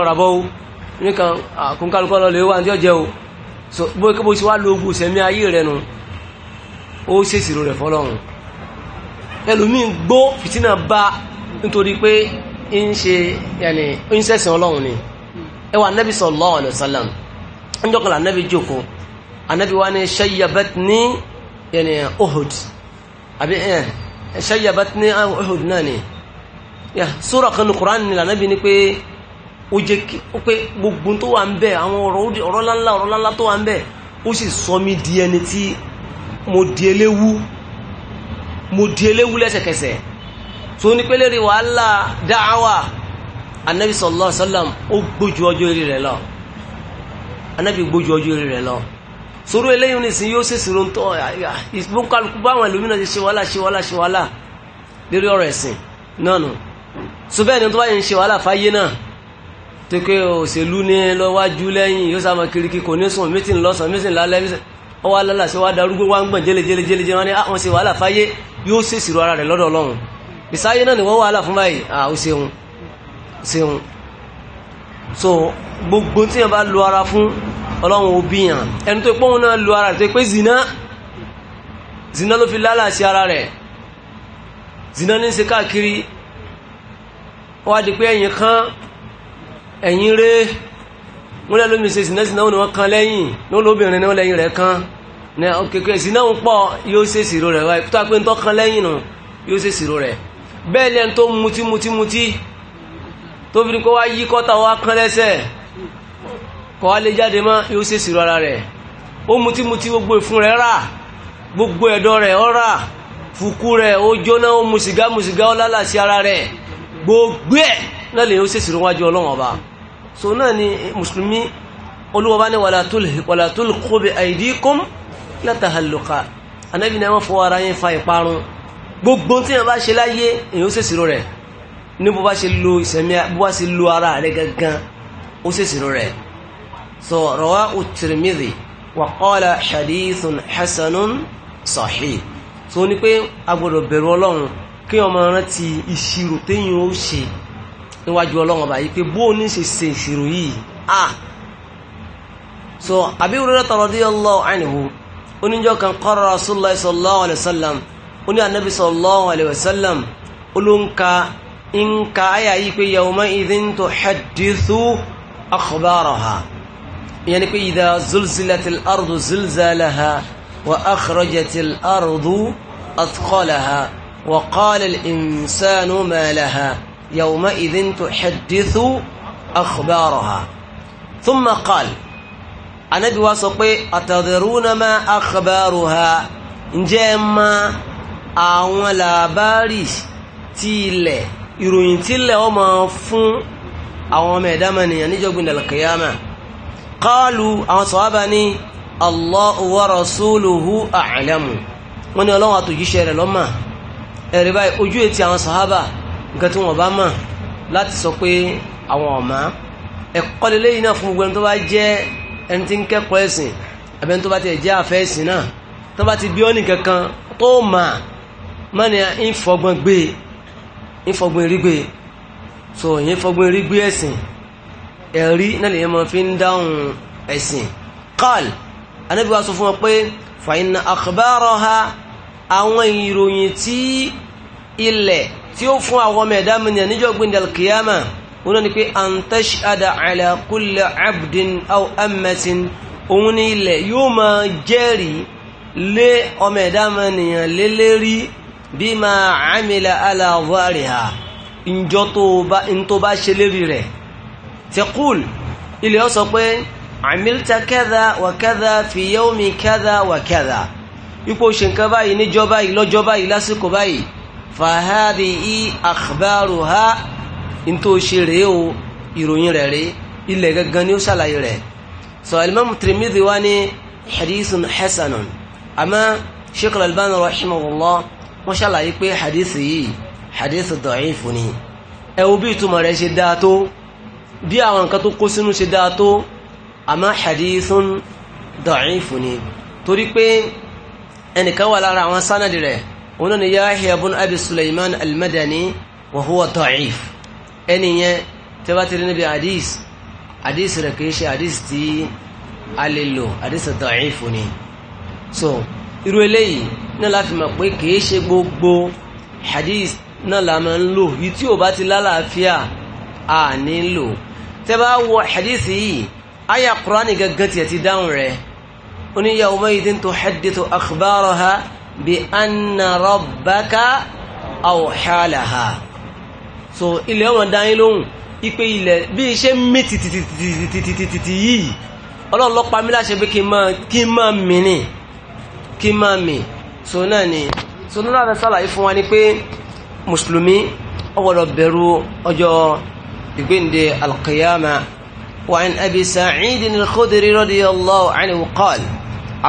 nìkan àkúnkálukọ́ lọ lè wá ọjẹ́ o so bó bó ṣe wá ayé rẹ̀ nu ó ṣèṣirò rẹ̀ gbó fìtínà bá nítorí pé ń ṣe ń ni ẹ wà nẹ́bí sallallahu alaihi wasallam ń jọkànlá nẹ́bí jókòó anabi wa ni shayyabatni yàní Uhud àbí ẹ̀ shayyabatni Uhud náà ni sura kan Qur'an ni lànàbí ni pé ó jẹ́ kí ó pé gbogbo tó wà ń bẹ àwọn ọ̀rọ̀ ńláńlá ọ̀rọ̀ ńláńlá tó wà ń bẹ ó sì sọ mí di ẹni tí mo di eléwu mo di eléwu lẹ́sẹ̀kẹsẹ̀ tó ní pé lérí wàhálà dáhàwà anabi sallallahu alaihi wasallam ó gbójú ọjọ́ eré rẹ̀ lọ anabi gbójú ọjọ́ eré rẹ̀ lọ sọ̀rọ̀ eléyìí ní sin yóò sì sọ̀rọ̀ tó ìfúnkálukú báwọn ẹlòmínà ti ṣe wàhálà ṣe wàhálà ṣe wàhálà lérí ọ̀rọ̀ ẹ̀sìn náà nù sọ bẹ́ẹ̀ ni tó bá yẹn ń ṣe wàhálà fáyé náà tó pé òṣèlú ní lọ́wájú lẹ́yìn yóò sáàmà kiriki kò ní sùn mítìn lọ́sàn mítìn lálẹ́ wọ́n wá lálàsí wá darúgbó wá ń gbọ̀n jẹ́lẹ̀jẹ́lẹ̀ jẹ́lẹ̀jẹ́ wọn ni àwọn ah, ṣe wàhálà fáyé yóò ṣèṣirò ara rẹ̀ lọ́dọ̀ ọlọ́run ìsáyé náà ni wọ́n wàhálà fún báyìí à ó ṣeun ṣeun so gbogbo tí yẹn bá lo ara fún ọlọ́run obìyàn ẹni tó pọ́n náà lo ara rẹ̀ tó pé zina zina ló fi lálàsí ara rẹ̀ zina ní ṣe káàkiri wọ́n á di pé ẹ̀yìn kan ẹ̀yìn rẹ̀ wọ́n lẹ́ lómi ṣe ìsìnà ìsìnà òun ni wọ́n kan lẹ́yìn lólóbìnrin náà lẹ́yìn rẹ̀ kan kékeré ìsìnà òun pọ̀ yóò ṣe ìṣirò rẹ̀ wáyé tó apé ń tọ́ kan lẹ́yìn nù yóò ṣe ìṣirò rẹ̀ bẹ́ẹ̀ lẹ́yìn tó mutí mutí mutí tó fi ní kó wá yí kọ́ta wá kan lẹ́sẹ̀ kọ́ wá lè jáde mọ́ yóò ṣe ìṣirò ara rẹ̀ ó mutí mutí gbogbo ìfun rẹ̀ rà gbogbo ẹ̀dọ̀ rẹ̀ ó rà fùkú rẹ̀ ó jóná ó mu sìgá ó lálàsí ara rẹ̀ gbogbo ẹ̀ náà lè yóò ṣe ìṣirò wájú ọlọ́wọ́n ọba so náà ni mùsùlùmí olúwọba ní wala tulqu bi aydikum ila tahalluqa anábì ní àwọn fọwọ́ ara yẹn fa ìparun gbogbo tí yẹn bá ṣe láyé èyí ó ṣèṣirò rẹ̀ ní bó bá ṣe lo ìsẹ̀mí bó bá ṣe lo ara rẹ̀ gangan ó ṣèṣirò rẹ̀ so rawahu Tirmidhi wa qala hadithun hasanun sahih so ní pé a bẹ̀rù ọlọ́run kí ọmọ rántí ìṣirò téèyàn ó ṣe níwájú ọlọ́run ọba yìí pé bó o ní ṣe ṣe ìṣirò yìí ah so Abi Hurairah radiyallahu anhu oníjọ́ kan qara Rasulullah sallallahu alayhi wa sallam oní anabi sallallahu alayhi wa sallam olóńka nka àyà yìí pé yawma idhin tuhaddithu akhbaraha ìyẹn ni pé idha zulzilatil ardu zilzalaha wa akhrajatil ardu athqalaha wa qala al insanu ma laha. يومئذ تحدث أخبارها ثم قال أنا بواسطي أتذرون ما أخبارها جمع àwọn làbárì tí ilẹ̀ ìròyìn tí ilẹ̀ wọ́n máa fún àwọn ọmọ ẹ̀dá mẹ́nìyàn níjọ́gbìn alkiyama qalu àwọn sọ̀hábà ní Allahu wa rasuluhu a'lamu wọ́n ní Ọlọ́run àtòjíṣẹ́ rẹ̀ lọ́mà ẹ̀rí báyìí ojú ètí àwọn sọ̀hábà nǹkan tí wọ́n bá mọ̀ láti sọ pé àwọn ọ̀mà ẹ̀kọ́ lélẹ́yìn náà fún gbogbo ẹni tó bá jẹ́ ẹni tí ń kẹ́kọ̀ọ́ ẹ̀sìn àbí ẹni tó bá ti jẹ́ àfẹ́ ẹ̀sìn náà tó bá ti bí ọ́ nìkan kan tó mà má ní ìfọgbọ́n gbé ìfọgbọ́n erí gbé so ìyẹn fọgbọ́n erí gbé ẹ̀rí náà lèyẹn máa fi ń dáhùn ẹ̀sìn qal anábì wa sọ fún wọn pé fa inna akhbaraha àwọn ìròyìn tí ilẹ̀ tí ó fún àwọn ọmọ ẹ̀dá mi níjọ́ gbìndẹ̀ kìyàmà wọn náà ni pé an tashhada ala kulli abdin aw ammatin òun ní ilẹ̀ yóò máa jẹ́rìí lé ọmọ ẹ̀dá mi lélẹ́rí bí máa amila ala dhariha ìjọ tó bá ṣe lérí rẹ̀ tẹkùl ilẹ̀ ọ sọ pé amilta kadha wa kadha fi yawmi kadha wa kadha ipò ṣe nǹkan báyìí níjọ́ báyìí lọ́jọ́ báyìí lásìkò báyìí fàhádìí àkàbàrùhá ntò ṣe rèé o ìròyìn rẹ̀ rèé ilẹ̀ gangan ni ó ṣàlàyé rẹ̀ sọ alimami Tirmidhi wa ni hadithun hasanun àmọ́ sheikh Al-Albani rahimahullah wọ́n ṣàlàyé pé hadith yìí hadith da'if ni ẹ wo bí ìtumọ̀ rẹ̀ ṣe dáa tó bí àwọn nǹkan tó kó sínú ṣe dáa tó hadithun da'if ni torí pé ẹnìkan wà lára àwọn sánàdì rẹ̀ òun náà ni Yahya ibn Abi Sulaiman al-Madani wa huwa da'if ẹni yẹn tí a bá ti rí níbi hadis hadis rẹ̀ kìí ṣe hadis tí a lè lò hadis da'if ni so irú eléyìí náà láti mọ̀ pé kìí ṣe gbogbo hadis náà la máa ń lò yìí tí ò bá ti lálàáfíà a nílò tẹ́ bá wọ hadis yìí aya Qur'ani gẹ́gẹ́ tiẹ̀ ti dáhùn rẹ̀ ó ní yawma idhin tuhaddithu akhbaraha bí anna rabbaka awhalaha so ilẹ̀ ọmọ dáyín lóhùn ipe ilẹ̀ bí iṣẹ́ mí tìtìtìtìtìtìtì yìí ọlọ́run ló láṣẹ pé kí n máa mì ní kí n máa mì so náà ni so náà rẹ̀ sàlàyé fún wa ni pé mùsùlùmí ó bẹ̀rù ọjọ́ ìgbéǹde alqiyama وعن أبي سعيد الخدري رضي الله عنه قال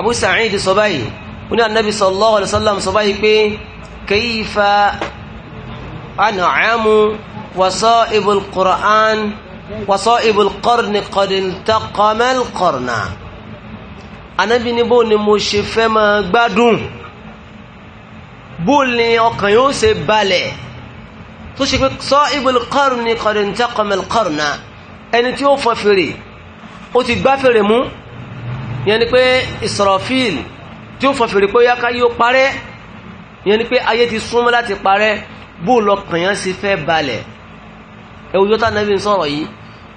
أبو سعيد صبي oní ànábì sallallahu alaihi wasallam sọ báyìí pé kayfa an'amu wasa'ibul qur'an wasa'ibul qarni qad intaqamal qarna ànábì níbo ni mo ṣe fẹ́ máa gbádùn bó ni ọkàn yóò ṣe balẹ̀ tó ṣe pé sa'ibul qarni qad intaqamal qarna ẹni tí ó fọn fèrè ó ti gbá fèrè mú yẹn pé Israfil tí ó fọn fèrè pé yá káyé ó parẹ́ yẹn ni pé ayé ti súnmọ́ láti parẹ́ bó lọ kànyán sí fẹ́ balẹ̀ ẹwùjọ́ tá nàbí sọ̀rọ̀ yìí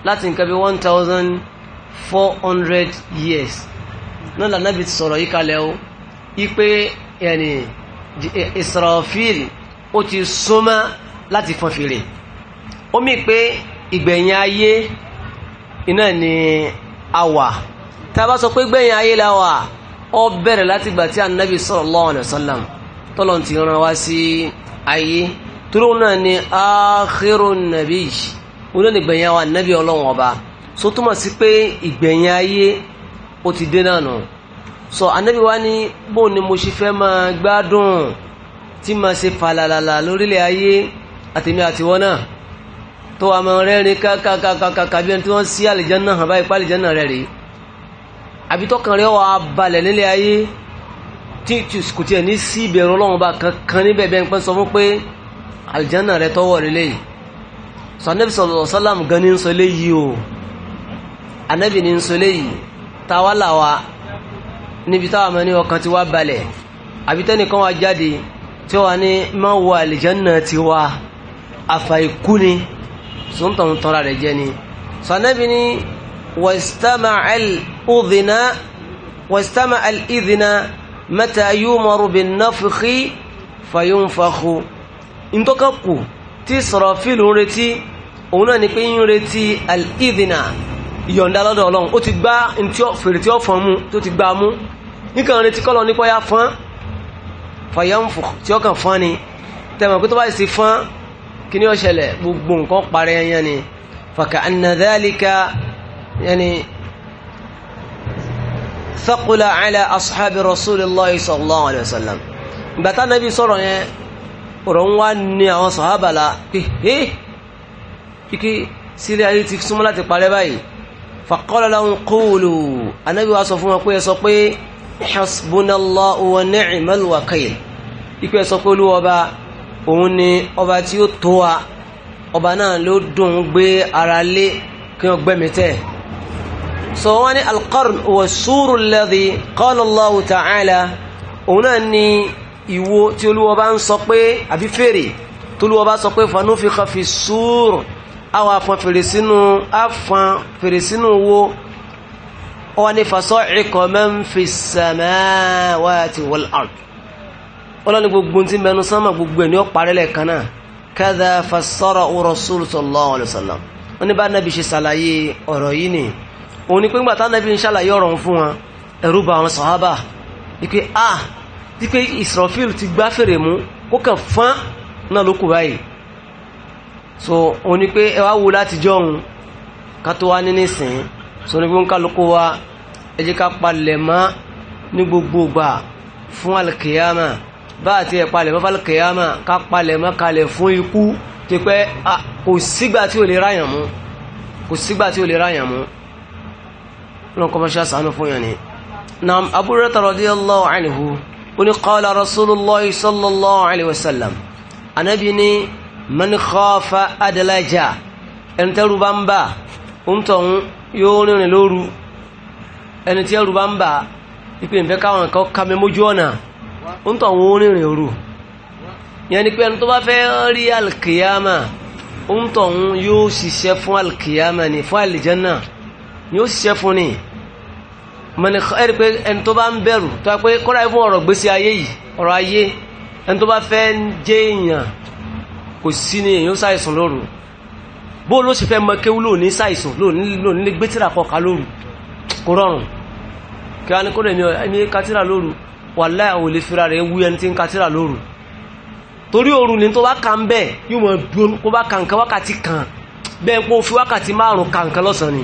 láti nǹkan bí one thousand four hundred years náà là nàbí sọ̀rọ̀ yìí kalẹ̀ o ipe yẹnì Israfil ó ti súnmọ́ láti fọn fèrè ó mì pé ìgbẹ̀yìn ayé iná ni a wà tá a bá sọ pé gbẹ̀yìn ayé la wà ọ bẹ̀rẹ̀ láti gbà tí anabi sallallahu alaihi wasallam tọ́lọ̀ ti rán wá sí ayé tóró náà ni akhiru nàbí yìí wọn ní gbẹ̀yìn àwọn anabi ọlọ́wọ́n ọba so túmọ̀ sí pé ìgbẹ̀yìn ayé ó ti dé náà nù so anabi wa ni bó ni mo ṣe fẹ́ máa gbádùn tí máa ṣe fàlàlàlà lórílẹ̀ ayé àtèmi àtiwọ́ náà tó wà rẹ́rìn kákàkàkàkà bí wọn ti wọ́n sí àlìjánnà hàn báyìí pálíjánnà rẹ̀ rèé àbí tọkàn rẹ wàá balẹ̀ nílé ayé tí kò tiẹ̀ ní sí ìbẹ̀rù ọlọ́run bá kankan níbẹ̀ bẹ́ẹ̀ pẹ́ sọ fún pé àlìjánà rẹ tọwọ́ rẹ lẹ́yìn sọ anabi sallallahu alaihi wasallam gan ní ń léyìí o anabi ní ń sọ léyìí táwa làwa níbi táwa mọ ní ọkàn ti wá balẹ̀ àbí tẹ́nìkan wá jáde tí wọ́n ní má wọ àlìjánà ti wá àfà ikú ni tọ́ra rẹ̀ jẹ́ ni sọ anabi ní wastama'a udhina wastama al متى mẹ́ta yumaru bin-nafkhi fayunfakhu ntọ́kàkù tí Israfilu ń retí òun náà ni pé ń retí al-idhina ìyọ̀ǹda lọ́dọ̀ ọlọ́run ó ti gbá fèrè tí ó fọ́n mú tó ti gbá mú nìkan retí kọ́lọ̀ nípa ya fọ́n fàyàmfò tí ó kàn fọ́n ni tẹ̀mọ̀ pé tó bá sì fọ́n kí ni ó ṣẹlẹ̀ gbogbo nǹkan parẹ́ yẹn ni fàkà anna yẹn ni thaqula ala ashabi rasulillahi sallallahu alayhi wa sallam gbàtà nàbí sọ̀rọ̀ yẹn ọ̀rọ̀ ń wá ní àwọn sọ̀hábà la pé kíkí sílé ayé ti súnmọ́ láti parẹ́ báyìí faqala lahum qulu anábì wa sọ fún wọn pé ẹ sọ pé hasbunallahu wa ni'mal wakil ipe ẹ sọ pé olúwa òun ni ọba tí ó tó wa ọba náà ló dùn gbé ara lé kí wọ́n gbẹ́mìtẹ́ so wọ́n ní alqarn wa suru alladhi qala Allahu ta'ala òun náà ni ìwo tí olúwa bá ń sọ pé àbí fèrè tó olúwa bá sọ pé fanufikha fi suru àwọn afọn fèrè sínú afọn fèrè sínú wo wọ́n fasa'iqa man fi samawati wal ard ọlọ́ni gbogbo tí mẹnu sánmà gbogbo ẹ̀ ní ó parẹ́ lẹ́ẹ̀kan náà kadha fassara rasulullahi wọ́n ní bá nàbí ṣe ṣàlàyé ọ̀rọ̀ yìí nìyí òun ni pé ńgbà tánàbí ń ṣàlàyé ọ̀rọ̀ ń fún wọn ẹ̀rù bà àwọn sàhábà wípé a wípé Israfil ti gbá fèrè mú kó kàn fán náà ló kù báyìí so òun ni pé ẹ wá wo láti jọ òun ká tó wá ní nísìnyí so ní pé ń kálukú wa ẹ jẹ́ ká palẹ̀ mọ́ ní gbogbo gbà fún alkiyama bá àti ẹ̀ palẹ̀ mọ́ fún alkiyama ká palẹ̀ mọ́ kalẹ̀ fún ikú ti pé kò sígbà tí ò lè ráyàn mú kò sígbà tí ò lè ráyàn mú lọ́n kọ́ bá ṣe àṣàánú fún yàn ni. na Abu Hurairah radiyallahu anhu ó ní qala rasulullah sallallahu alayhi wa sallam anabi ni man khafa adalaja ẹni tẹ́rù bá ń bà ń tọ̀hún yóò rìnrìn lóru ẹni tẹ́rù bá yẹn ni ni ó ṣiṣẹ́ fún ni mọ̀nì ẹ̀rí pé ẹni tó bá ń bẹ̀rù tó wá pé kọ́ra ẹ̀ fún ọ̀rọ̀ gbèsè ayé yìí ọ̀rọ̀ ayé ẹni tó bá fẹ́ ń jẹ́ èèyàn kò sí ni èèyàn ṣàìsàn lóru bó ló ṣe fẹ́ mọ kéwú lóòní ṣàìsàn lóòní lè gbé tíra kọkà lóru kò rọrùn kí wá ní kó lè ní kátírà lóru wàláhì àwọn olè fira rẹ̀ wú ẹni tí ń kátírà lóru torí oorun ni tó bá kà ń bẹ́ẹ̀ yóò mọ̀ dúró kó bá kà nǹkan wákàtí kan bẹ́ẹ̀ kó fi wákàtí márùn-ún kà nǹkan lọ́sàn-án ni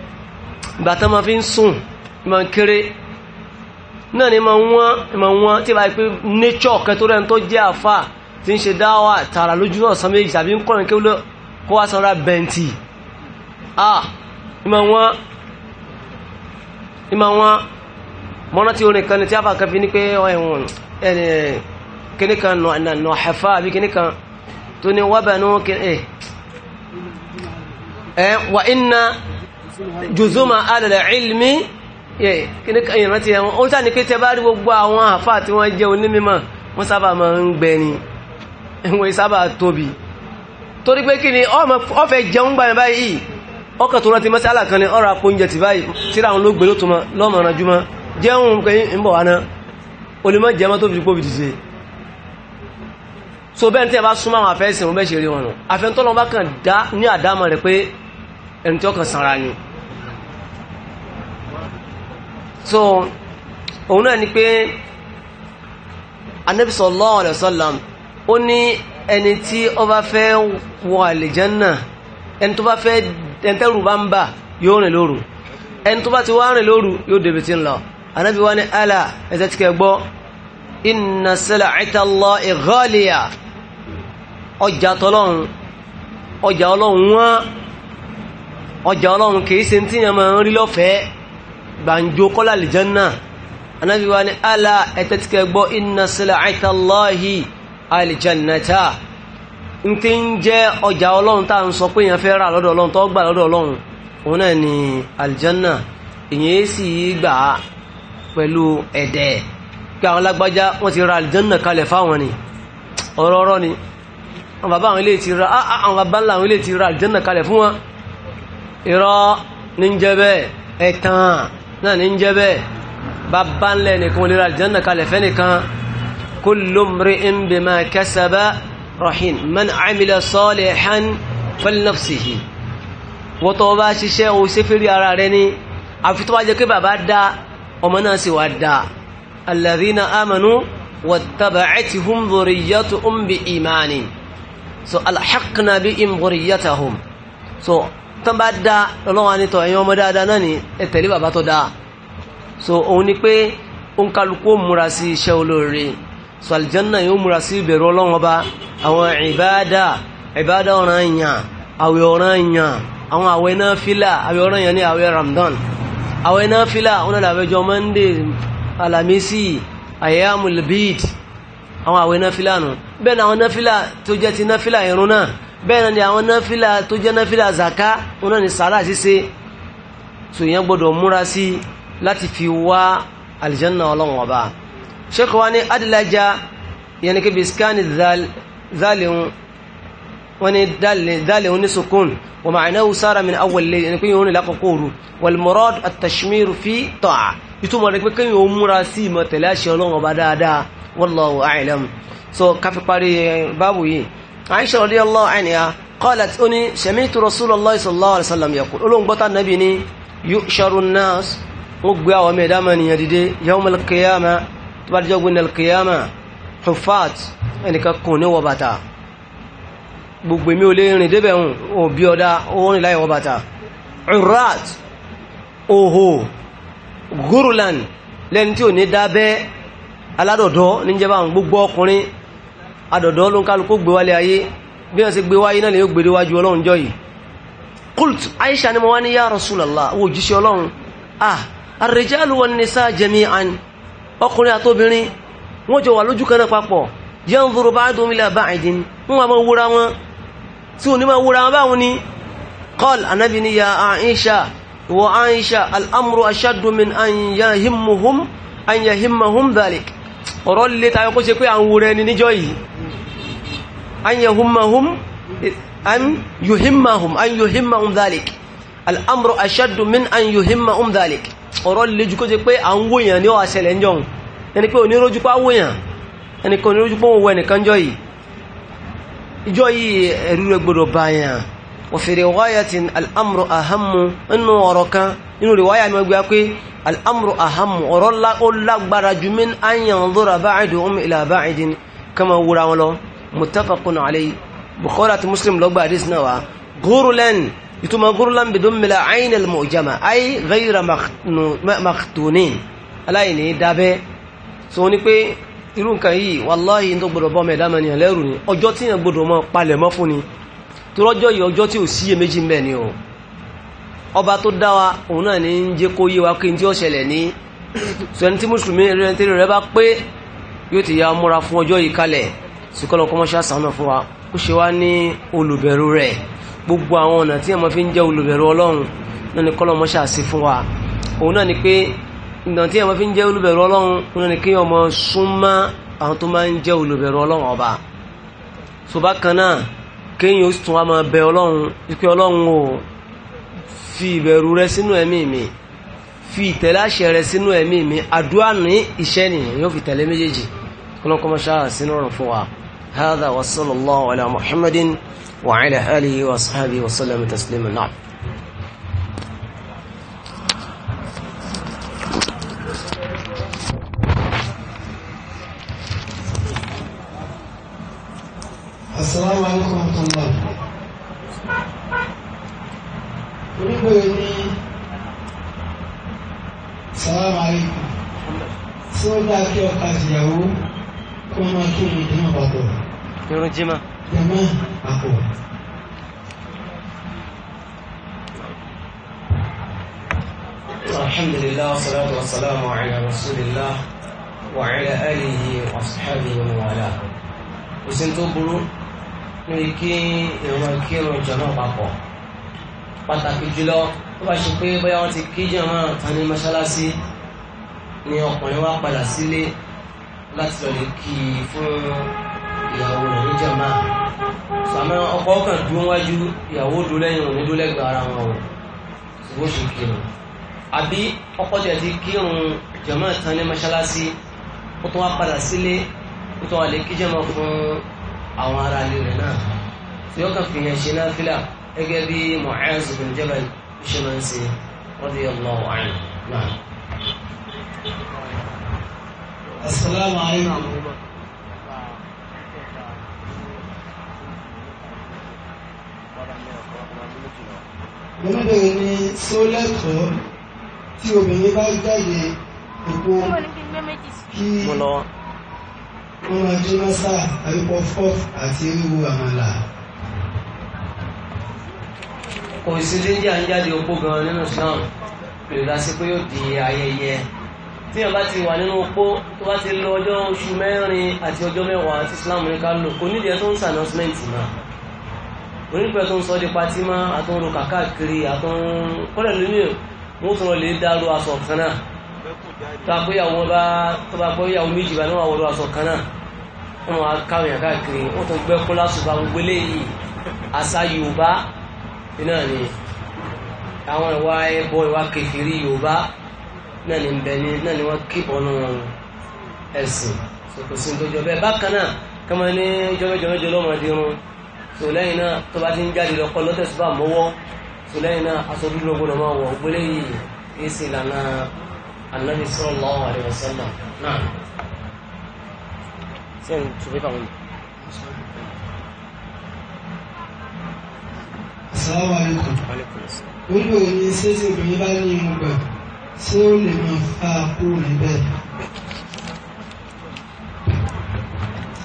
bàtà máa fi ń sùn máa ń kéré náà ni máa wọ́n máa wọ́n tí bá yẹ pé nature kan tó rẹ̀ ń tó jẹ́ àfà tí ń ṣe dáwà tààrà lójú náà san méjì tàbí ń kọ́rin kí ó wá sanra bẹ̀ǹtì ah ìmọ̀ wọ́n ìmọ̀ wọ́n mọ́nà tí orin kan ni tí àfà kan fi ní pé ẹ̀wọ̀n ẹni kíní kan nà ẹ̀fà àbí kíní kan tó ní wábẹ̀ ní ẹ̀ wà ìnà jùzúmà alẹ́lẹ̀ ilmi kíní kan ìrántí ẹ̀wọ̀n ó tàní pé tẹ́bá rí gbogbo àwọn àfáà tí wọ́n jẹ́ onímọ̀ wọ́n sábà máa ń gbẹ ni wọ́n sábà tóbi torí pé kíni ọ̀fẹ́ jẹun gbà báyìí ọkà tó rántí mọ́sálà kan ní ọ̀rọ̀ apóúnjẹ ti báyìí tíra àwọn olóògbé ló tọmọ lọ́mọ ọ̀rànjúmọ́ jẹun pé ń bọ̀ wá náà olùmọ̀ jẹmọ́ tó fi kóbi dìde so bẹ́ẹ̀ tí a bá súnmọ́ àwọn afẹ́sìn wọn bẹ́ẹ̀ ṣe rí wọn nù afẹ́ntọ́lọ́ bá kàn dá ní àdámọ̀ rẹ̀ pé ẹni tí ó kàn sanra ni so òun náà ni pé anabi sallallahu alaihi wasallam ó ní ẹni tí ó bá fẹ́ wọ àlìjánà ẹni tó bá fẹ́ ẹni tẹ́rù bá ń bà yóò rìn lóru ẹni tó bá ti wá rìn lóru yóò débi tí ń lọ anabi wa ni ala ẹsẹ ti kẹ gbọ́ inna sil'ata Allahi ghaliya ọjà tọlọ́run ọjà ọlọ́run wọ́n ọjà ọlọ́run kìí ṣe tí yẹn máa ń rí lọ́fẹ̀ẹ́ gbàǹjo kọ́lá àlìjánná anábì wa ni ala ẹ̀tẹ́tìkẹ́ gbọ́ inna sil'ata Allahi àlìjánnata n ti ń jẹ́ ọjà ọlọ́run tá à ń sọ pé èèyàn fẹ́ rà lọ́dọ̀ ọlọ́run tó gbà lọ́dọ̀ ọlọ́run òun náà ni àlìjánná èèyàn sì gbà á pẹ̀lú ẹ̀dẹ̀ pé àwọn lágbájá wọ́n ti ra àlìjánná kalẹ̀ fáwọn ni ọ̀rọ̀ ọ̀rọ̀ ni àwọn bàbá àwọn ilé ti ra ah, ah, àwọn bàbá ńlá àwọn ilé ti ra àlìjánná kalẹ̀ fún wọn irọ́ ní ń jẹ́ bẹ́ẹ̀ ẹ̀tàn náà ní ń jẹ́ bẹ́ẹ̀ bàbá ńlẹ̀ nìkan lè ra àlìjánà kalẹ̀ fẹ́ nìkan kullu mri'in bima kasaba rahin man amila salihan falinafsihi wọ́n tó bá ṣiṣẹ́ o ṣe fẹ́rí ara rẹ ní àfi bá jẹ́ pé bàbá dá ọmọ náà sì wá dá alladhina amanu wattaba'athum dhurriyyatuhum bi imani so alhaqna bihim dhurriyyatahum so tán bá da lọ́wọ́ anitọ̀ ẹ̀yin ọmọ dáadáa náà ni ẹ bàbá tó dáa so òun ni pé ó ń kálukú múra sí iṣẹ́ olóore so aljanna yóò múra sí ìbẹ̀rù ọlọ́wọ́n ọba àwọn ìbáadà ìbáadà ọ̀ràn yàn àwẹ̀ ọ̀ràn yàn àwọn àwẹ̀ náà fílà àwẹ̀ ọ̀ràn yàn ní àwẹ̀ Ramadan àwẹ̀ náà fílà ọ̀nà àbẹ̀jọ Monday Alamisi ayamul bid àwọn àwẹ̀ náà fílà nù bẹ́ẹ̀ náà bẹ́ẹ̀ náà ni àwọn náfílà tó jẹ́ náfílà zaka wọn náà ni sàárà ṣíṣe so ìyẹn gbọ́dọ̀ múra sí láti fi wá aljanna ọlọ́run ọba ṣẹ́kọ̀ wá ní adìlájà ìyẹn ni kébì skani zálẹ̀hún wọ́n ni zálẹ̀hún ní sukun wọ́n máa náwó sára min awwal layl ẹni pé yóò ní lákòókò òru wal murad at fi ta'a ìtumọ̀ rẹ̀ pé kéèyàn ó sí ìmọ̀ àṣẹ ọlọ́run ọba dáadáa wallahu a'lam so Aisha radiyallahu anha qalat ó ní sami'tu Rasulullah sallallahu alaihi wasallam yaqul olóńgbọ́ta nàbì ni yu'sharun nas wọ́n gbé àwọn ọmọ ẹ̀dá mẹ́niyàn dìde yawmal qiyamah tó bá dìjọ́ gbé al-qiyamah hufat ẹnìkan kùn ní wọ bàtà gbogbo èmi ò lè rìn débẹ̀ hùn òbí ọ̀dá orin adọ̀dọ̀ ló ń kálukú gbé wálé ayé bí wọ́n sì gbé wáyé náà lè gbé déwájú ọlọ́run jọ yìí kult aisha ni mo wá ní ya rasulallah owó òjíṣẹ́ ọlọ́run ah ar-rijalu wan-nisa jami'an ọkùnrin àtobìnrin wọ́n jọ wà lójú kan náà papọ̀ yanzuru ba'dum ila ba'din wọ́n wà máa wúra wọn tí ò ní máa wúra wọn báwọn ni qal anabi ni ya aisha wa aisha al-amru ashaddu min an yahimmuhum an yahimmahum dhalik ọ̀rọ̀ lè tayọ kó ṣe pé à ń wúra ẹni níjọ́ yìí an yahimmahum an yuhimmahum an yuhimmahum dhalik al'amru ashaddu min an yuhimmahum dhalik ọ̀rọ̀ lójú kó jẹ pé à ń wòyàn ní ọ̀wà ṣẹlẹ̀ ńjọ́ ẹni pé onírójú pa wòyàn ẹni pé onírójú pọ́ wọ ẹnìkan jọ yìí ìjọ yìí ẹ̀rú rẹ̀ gbọdọ̀ báyàn òfèrè wáyà tí al'amru ahammu inú ọ̀rọ̀ kan inú rẹ̀ wáyà mẹ́gbẹ́ pé al'amru ahammu ọ̀rọ̀ lágbára ju min an yanzura ba'idun ila ba'idin kama wura wọn lọ متفقون alayhi bukhari مسلم muslim ló gbà hadith náà wá gúrúlẹ́n ìtumọ̀ gúrúlẹ́n bidummil ayn al-mu'jama على إني makhtunin سوني كي so ní pé irú nǹkan yìí wàláhì tó gbọdọ̀ bọ́ mẹ́ẹ̀dá mẹ́ni ẹlẹ́rù ni ọjọ́ tí yẹn gbọdọ̀ mọ́ palẹ̀ mọ́ fún ni tó rọ́jọ́ yìí ọjọ́ tí ò síye méjì ń ni o ọba tó dá wa òun náà ní ń jẹ́ kó yé wa kí n tí ó ṣẹlẹ̀ ní sọ ẹni tí mùsùlùmí rẹ̀ ń tẹ́lẹ̀ rẹ̀ bá pé yóò ti ya múra fún ọjọ́ yìí kalẹ̀ sùkọ́lọ̀ kọ́mọ́ṣá sànà fún wa kó ṣe wá ní olùbẹ̀rù rẹ̀ gbogbo àwọn ọ̀nà tí ẹ̀mọ́ fi ń jẹ́ olùbẹ̀rù ọlọ́run náà ni kọ́lọ̀ mọ́ṣá sí fún wa òun náà ni pé ìgbà tí ẹ̀mọ́ fi ń jẹ́ olùbẹ̀rù ọlọ́run náà ni kí ọmọ súnmọ́ àwọn tó máa ń jẹ́ olùbẹ̀rù ọlọ́run ọba tó kan náà kéèyàn ó tún wá máa bẹ ọlọ́run pé ọlọ́run ò fi ìbẹ̀rù rẹ sínú ẹ̀mí mi fi ìtẹ̀lé rẹ sínú ẹ̀mí mi àdúrà ní iṣẹ́ nìyẹn yóò fi tẹ̀lé méjèèjì kọ́lọ́kọ́ mọ́ṣá sínú ọ̀rọ̀ fún wa. هذا وصلى الله على محمد وعلى آله وأصحابه وسلم تسليما نعم السلام عليكم ورحمة الله أريد أن السلام عليكم سؤال كيف قاس يهود kó máa kí ní ìdímọ̀ papọ̀. irun jimá. jama papọ̀. alhamdulillah wasalaatu wasalaamu ala rasulillah wa ala alihi wa ashabihi wa wala. òsín tó burú lórí kí ìrun kí irun jama papọ̀ pàtàkì jùlọ tó bá ṣe pé bóyá wọn ti kí jama tani mọ́ṣáláṣí ni ọkùnrin wa padà sílé. Si láti lọ lè kí i fún ìyàwó rẹ̀ ní jàmbá sàmọ́ ọkọ kan dúró wájú ìyàwó dúró lẹ́yìn òní dúró lẹ́gbẹ̀ẹ́ ara wọn o ṣùgbọ́n ṣe kírun àbí ọkọ tẹ̀ ti kírun jàmbá tán ní mọ́ṣáláṣí ó tún wá padà sílé ó tún wá lè kí jàmbá fún àwọn ará ilé rẹ̀ náà tí ó fi yẹn ṣe náà fílà gẹ́gẹ́ bí Mu'az bin Jabal ṣe máa ń ṣe radiyallahu anhu náà. السلام عليكم lọ́mọbìnrin ni sólẹ́kọ̀ọ́ tí obìnrin bá jáde òkú kí wọ́n máa jí mọ́sá àríkọ́ fọ́f àti ríru àmàlà. kò sí dídí à ń jáde òkú gan-an nínú Islam pẹ̀lú lásìkò yóò di ayẹyẹ tí èèyàn bá ti wà nínú opó tó bá ti lọ ọjọ́ oṣù mẹ́rin àti ọjọ́ mẹ́wàá àti Islam ní ká lò kò nídìí ẹ tó ń sàn announcement náà onígbà tó ń sọ di patí mọ́ àtúnrò kàkàkiri àtúnrò kọ́lẹ̀ lómi wọ́n tún lọ lè dárò aṣọ kan náà tó àgbéyàwó bá tó bá gbéyàwó méjì bá níwàwó lọ aṣọ kan náà wọ́n máa káwọn yàn káàkiri wọ́n tún gbẹ́ kó lásùbà gbogbo eléyìí àṣà Yorùbá náà ni àwọn ìwà ẹbọ ìwà kèfèrí Yorùbá náà ni bẹ ni náà ni wọ́n kí ọ̀nà ẹ̀sìn kò sí tó jọ bẹ́ẹ̀ bákan náà kọ́mọ ní jọmọjọmọjọ lọ́mọdé irun tó lẹ́yìn náà tó bá ti ń jáde lọ́kọ́ lọ́tẹ̀sí bá mọ́wọ́ tó lẹ́yìn náà aṣọ dúdú lọ́gbọ́dọ̀ máa wọ̀ gbélé yìí kì í sì lànà Ànábì sallallahu alaihi wasallam náà. sẹ́yìn tó fẹ́ fà wọ́n. Assalamu alaikum. Wíwò ní sẹ́sìn obìnrin bá ní irun gbà tí ó lè máa fa kúrò níbẹ̀.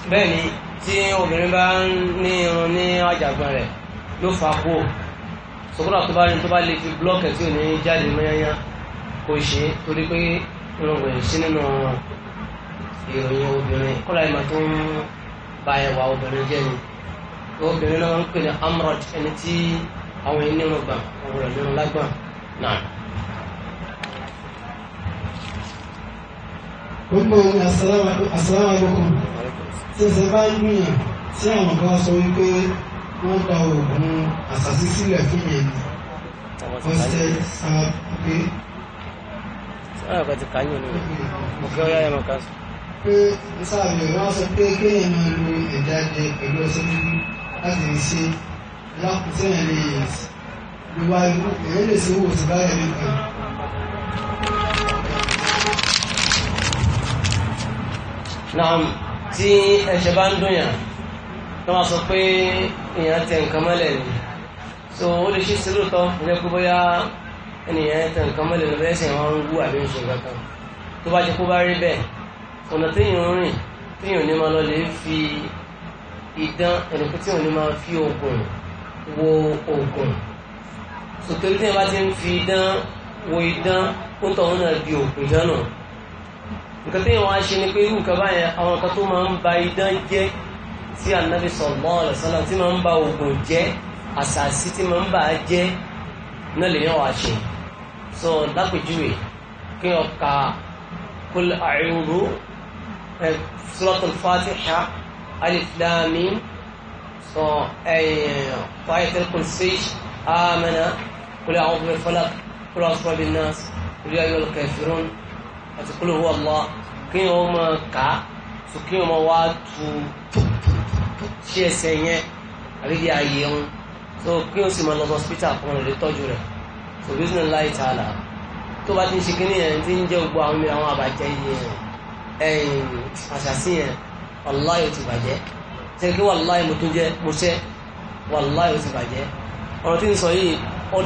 bẹ́ẹ̀ni tí obìnrin bá ń ní irun ní àjàgbọ̀n rẹ̀ ló fa kúrò sọkúrò tó bá rí tó bá lè fi blọ́ọ̀kì tí ò ní jáde mọ́yányá kò ṣe é torí pé irun kò sí nínú ìròyìn obìnrin kọ́lá ìmọ̀ tó ń ba ẹwà obìnrin jẹ́ ni obìnrin náà ń pè ní amrod ẹni tí àwọn ènìyàn gbà àwọn ènìyàn lágbà náà. gbogbo ohun asalaamualeykum tí ẹsẹ̀ bá ń gbìyàn tí àwọn kan sọ wípé wọ́n da oògùn àṣàṣì sílẹ̀ fún yẹn ni wọ́n ṣe àpè. sọ́dọ̀ kan ti kàyé olóore mo kí ọyá yẹn lọ kásù. pé sáàbì wọn sọ pé kéèyàn máa lo ẹ̀dá jẹ pẹ̀lú ọṣẹ láti ṣe lákùtẹ́yìn lè yẹ̀ sí. ìwà ìlú èyí lè ṣe owó tí báyìí nìkan. náà tí ẹ̀ṣẹ̀ bá ń dùnyàn tó máa sọ pé èèyàn tẹ nǹkan mọ́lẹ̀ ni so ó lè ṣe sí lóòótọ́ ìjẹ́ pé bóyá ènìyàn tẹ nǹkan mọ́lẹ̀ ló bẹ́ẹ̀ sì wọ́n ń wú àbí ń ṣe nǹkan kan tó bá jẹ́ kó bá rí bẹ́ẹ̀ ọ̀nà téèyàn ń rìn téèyàn ní máa lọ lè fi idán ẹnìkan téèyàn ní máa fi oògùn wo oògùn sòtò tí téèyàn bá ti ń fi idán wo idán ó tọ̀ wọn náà di òògùn ìdáná nǹkan tí wọ́n á ṣe ni pé irú nǹkan báyẹn àwọn nǹkan tó máa ń ba idán jẹ́ tí anabi sallallahu alaihi wasallam tí máa ń ba oògùn jẹ́ àṣàṣì tí máa ń bà á jẹ́ náà lèyàn wá ṣe so lápèjúwe kí wọ́n ka kul a'udhu eh, suratul fatiha alif lam mim so eh, ayatul kursi amana kul a'udhu bil falaq kul a'udhu bin nas kul ya ayyuhal kafirun àti kúlò wọ́ lọ kí wọ́n mọ ká tó kí wọ́n wá tu sí ẹsẹ̀ yẹn àbíbi ààyè ń tó kí wọ́n sì mọ lọ hospital fún ọ̀rẹ́ tọ́jú rẹ̀ tó bí sínú láì ta àlà tó bá ti ń ṣe kí nìyẹn ti ń jẹ́ gbogbo àwọn mi àwọn àbàjẹ́ yẹn ẹ̀yìn àṣàṣì yẹn wàláyé ò ti bàjẹ́ ṣe kí wàláyé mo tún jẹ́ mo ṣẹ́ wàláyé ò ti bàjẹ́ ọ̀rọ̀ tí ń sọ yìí ó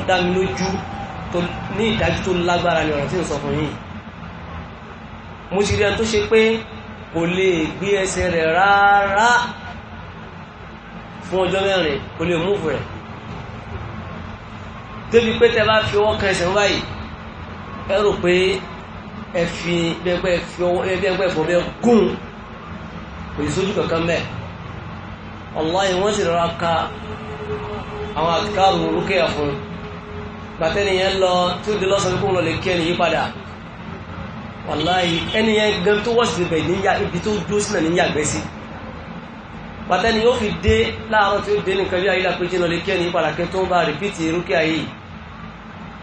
ní ìdájú tó lágbára ni ọ̀rọ̀ tí ń sọ fún yìí mo sì rí ẹni tó ṣe pé kò lè gbé ẹsẹ̀ rẹ̀ rárá fún ọjọ́ mẹ́rin kò lè múùfù rẹ̀ débi pé tẹ bá fi ọwọ́ kan ẹsẹ̀ báyìí ẹ rò pé ẹ fi bẹ́ẹ̀pẹ́ fi ọwọ́ ẹ bẹ́ẹ̀pẹ́ fọ bẹ́ẹ̀ gún kò sí sójú kankan mẹ́ẹ̀ ọláyìn wọ́n sì rọra ka àwọn àkàrùn olókè àfún gbàtẹ́niyẹn lọ tí ó di lọ́sàn-án kó lọ lè kí ẹni yí padà wàláyé ẹni yẹn gan tó wọ́sì bẹ̀ níyà ibi tó dúró sínà níyà gbẹ́sí pàtẹ́ ni yóò fi dé láàárọ̀ tí ó dé nìkan bí ayé la péjì náà lè kí ẹni padà kí tó ń bá rìpíìtì irúkẹ́ ayé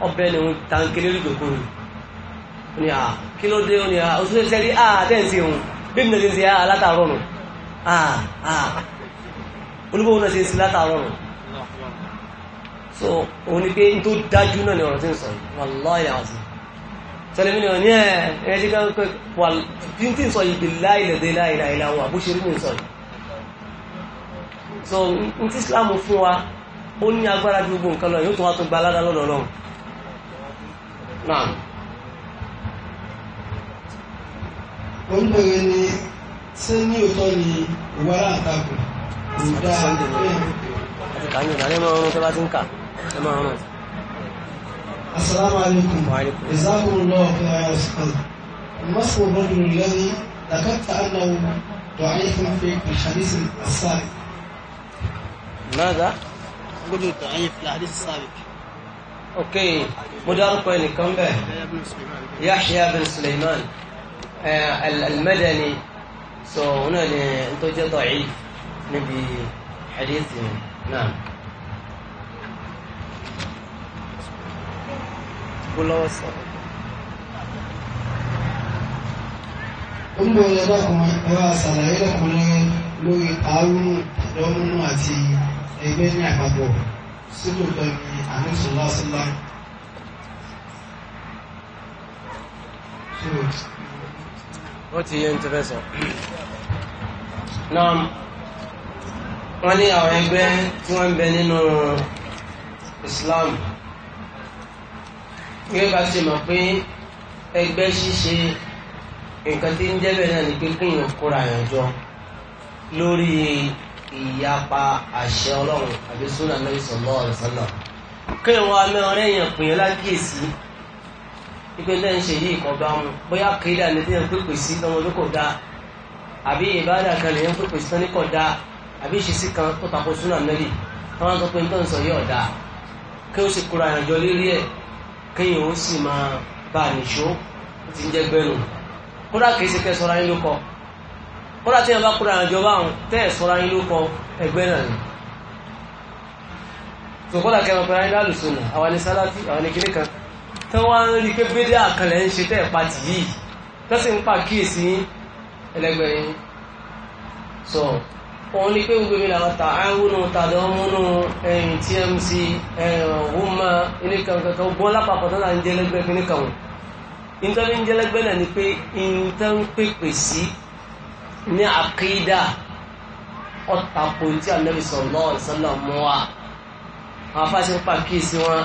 ọbẹ̀ ni wọ́n ta ń kéré lójó kúrò ó ní à kí ló dé ó ní à oṣù tẹ́lẹ̀ sẹ́rí à dẹ́ǹsì òun bí mi náà ṣe à látàárọ̀ nù à à olúbọ̀ náà ṣe sí látàárọ̀ nù so òun ni pé n tó dájú náà ni ọ̀rọ̀ tí ń sọ wàláyé àwọn tẹlẹmí ni wọn ní ẹ ẹ ṣe ká pé wà tí n tí n sọ yìí bí láìlẹ̀dẹ̀ láìláìlá wọn àbúṣe rí mi sọ yìí so n tí Islam fún wa ó ní agbára ju gbogbo nǹkan lọ yóò tún wá tún gba aládàá lọ́dọ̀ náà náà. wọ́n bẹ̀rẹ̀ ni ṣé ní òótọ́ ni ìwà àtàkùn ìdá ẹ̀yà. àti kàánù ìdálẹ́ mọ́ ọrùn tó bá ti ń kà ẹ mọ́ ọrùn. السلام عليكم وعليكم جزاكم الله خيرا يا استاذ وصف الرجل الذي ذكرت انه ضعيف في الحديث السابق ماذا؟ قلت ضعيف في الحديث السابق اوكي مدار كويني كم به؟ يحيى بن سليمان آه، المدني سو هنا انتو ضعيف نبي حديث نعم kó lọ́wọ́ sàn. Olúwa ẹ̀yẹ dákùnrin ẹ̀rọ àṣàlàyé lẹ́kùnrin lórí àárúnú ìdánwúnú àti ẹgbẹ́ ní àpapọ̀ sínú ìgbẹ̀mí àmúṣọlá sílá. Wọ́n ti yẹ ní tó fẹ́ sọ. Náà wọ́n ní àwọn ẹgbẹ́ tí wọ́n ń bẹ nínú Islam gẹ́gẹ́ bá ṣe mọ̀ pé ẹgbẹ́ ṣíṣe nǹkan tí ń jẹ́bẹ̀ náà ni pé kéèyàn kóra yàn jọ lórí ìyapa àṣẹ ọlọ́run àbí súnà lórí sọ̀lọ́ ọ̀sánà kéèyàn wá mẹ́ ọ̀rẹ́ yàn pè é lákìyèsí wípé náà ń ṣe yí ìkan bá mu bóyá kéèdà ni tí yàn pépè sí lọ́wọ́ ló kò dá àbí ìbáradà kan lè yàn pépè sí tán kò dá àbí ìṣesí kan tó tako súnà mẹ́lì táwọn sọ pé ń tọ́ ń sọ yí ọ̀dà kí ó sì kóra yàn jọ lérí ẹ̀ kéèyàn ó sì máa bá a nìṣó ó ti ń jẹ́ gbẹ́nu kódà kìí ṣe kẹsọ́ra yín ló kọ kódà tí yẹn bá kódà àjọba àwọn tẹ́ ẹ̀ sọ́ra yín ló kọ ẹgbẹ́ náà ni tó kódà kẹwọn pẹ̀lú ayé lálùsùn nà àwọn ní sálátì àwọn ní kíní kan tó wá ń rí pé bédé àkànlẹ̀ ń ṣe tẹ́ ẹ̀ pati yìí tó sì ń pa kíyèsí ẹlẹgbẹ́ yín sọ. So, òun ni pé gbogbo mi làwọn tà á wúnú tàdọ́ múnú ẹ̀yìn tmc ọ̀hún mọ́ ilé kankan kan gbọ́n lápapọ̀ tó náà ń jẹ́lẹ́gbẹ́ kí ní kàn wọ́n nítorí ń jẹ́lẹ́gbẹ́ náà ni pé nǹkan pèpè sí ní àkídà ọ̀tàkù tí ànábì sallallahu alaihi wasallam mọ́ wa àwọn afáṣẹ ń pàkíyèsí wọn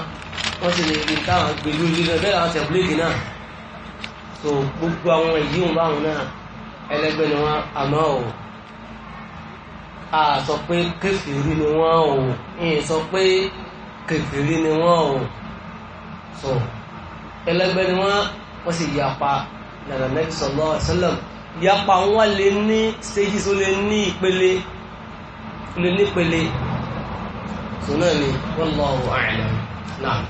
wọ́n sì lè rí táwọn gbèlú lílọ bẹ́ẹ̀ làwọn tẹ̀bílẹ̀kì náà tó gbogbo àwọn èyí ń bá náà ẹlẹ́gbẹ́ ni wọ́n àmọ́ ò a sọ pé kèfèrí ni wọ́n o ìyẹn sọ pé kèfèrí ni wọ́n o so ẹlẹgbẹ́ ni wọ́n wọ́n sì yapa nàdà nẹ́bí sallallahu alaihi wasallam yapa wọn lè ní stages ó lè ní ìpele ó lè ní ìpele so náà ni wallahu a'lam náà.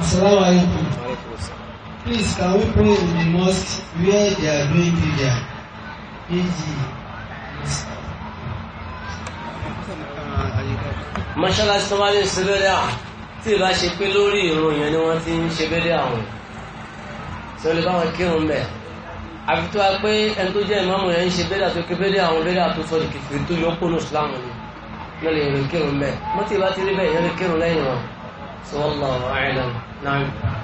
Assalamu alaikum. Please, can we pray in the mosque where they are doing prayer? E.g. mọ́ṣáláṣí tó bá lè ṣe bẹ́rẹ̀ à tí ìbá ṣe pé lórí ìrun yẹn ni wọ́n ti ń ṣe bẹ́rẹ̀ àwọn tí wọ́n lè bá wọn kírun bẹ̀. àfi tó wá pé ẹni tó jẹ́ ìmáàmù yẹn ń ṣe bẹ́rẹ̀ àti bẹ́rẹ̀ àwọn bẹ́rẹ̀ àtúntò di kìkìrì tó yọ kónú ìsìláàmù ni wọ́n lè rìn kírun bẹ̀. mọ́tì ìbá ti rí bẹ́ẹ̀ yẹn lè kírun lẹ́yìn wọn. sọ wọ́n lọ ọ̀rọ̀ náà.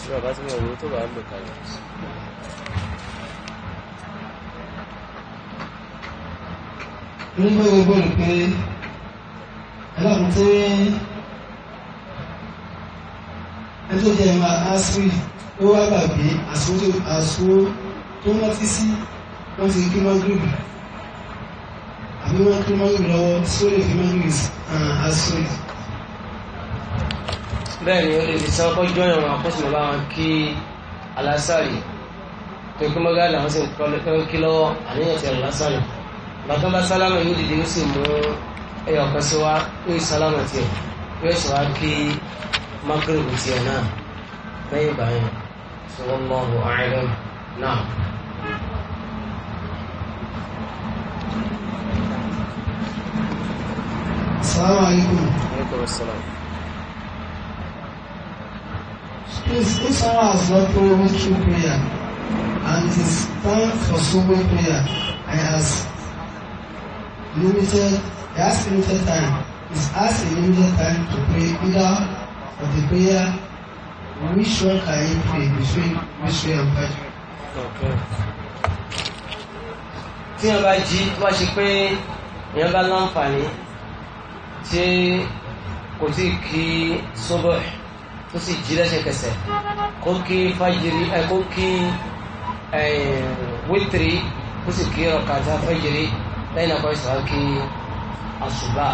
sí bàbá tí mo wò tó bá lò kalẹ̀. nínú gbogbo ìpè ẹlọ́run tí ẹ tó jẹ́ máa ásírì ó wá gbàgbé àsó tó rántí sí wọ́n ti kí mọ́gírìbì àbí wọ́n kí mọ́gírìbì lọ́wọ́ sórí ìfimọ́gírìbì àsírì bẹ́ẹ̀ ni ó lè di sọ ọkọ̀ jọyọ̀ wọn àkóso bá wọn kí alásàrì tó kí mọ́gá làwọn sì ń kí lọ́wọ́ àníyàn ti alásàrì bàtà bá sálámà yóò dìde ó sì mú ẹyọ kan sí wa yóò sálámà tiẹ̀ yóò sọ wá kí mákìrìbù tiẹ̀ náà lẹ́yìn ìgbà yẹn sọ wọ́n lọ́wọ́ náà. Assalamu alaikum. Alaikum assalam. Please, if someone has not prayed true prayer and is time for sober prayer and has limited, has limited time, is has a limited time to pray either for the prayer which one can he pray between which way and which way. tí wọn bá jí wá ṣe pé èèyàn bá láǹfààní tí kò tí kí sóbọ̀ ẹ̀ tó sì jí lẹ́sẹ̀kẹsẹ̀ kó kí fájìrì ẹ kó kí wítìrì kó sì kí ọ̀kadà fájìrì lẹ́yìn náà kọ́ni sọ̀rọ̀ kí àṣùbà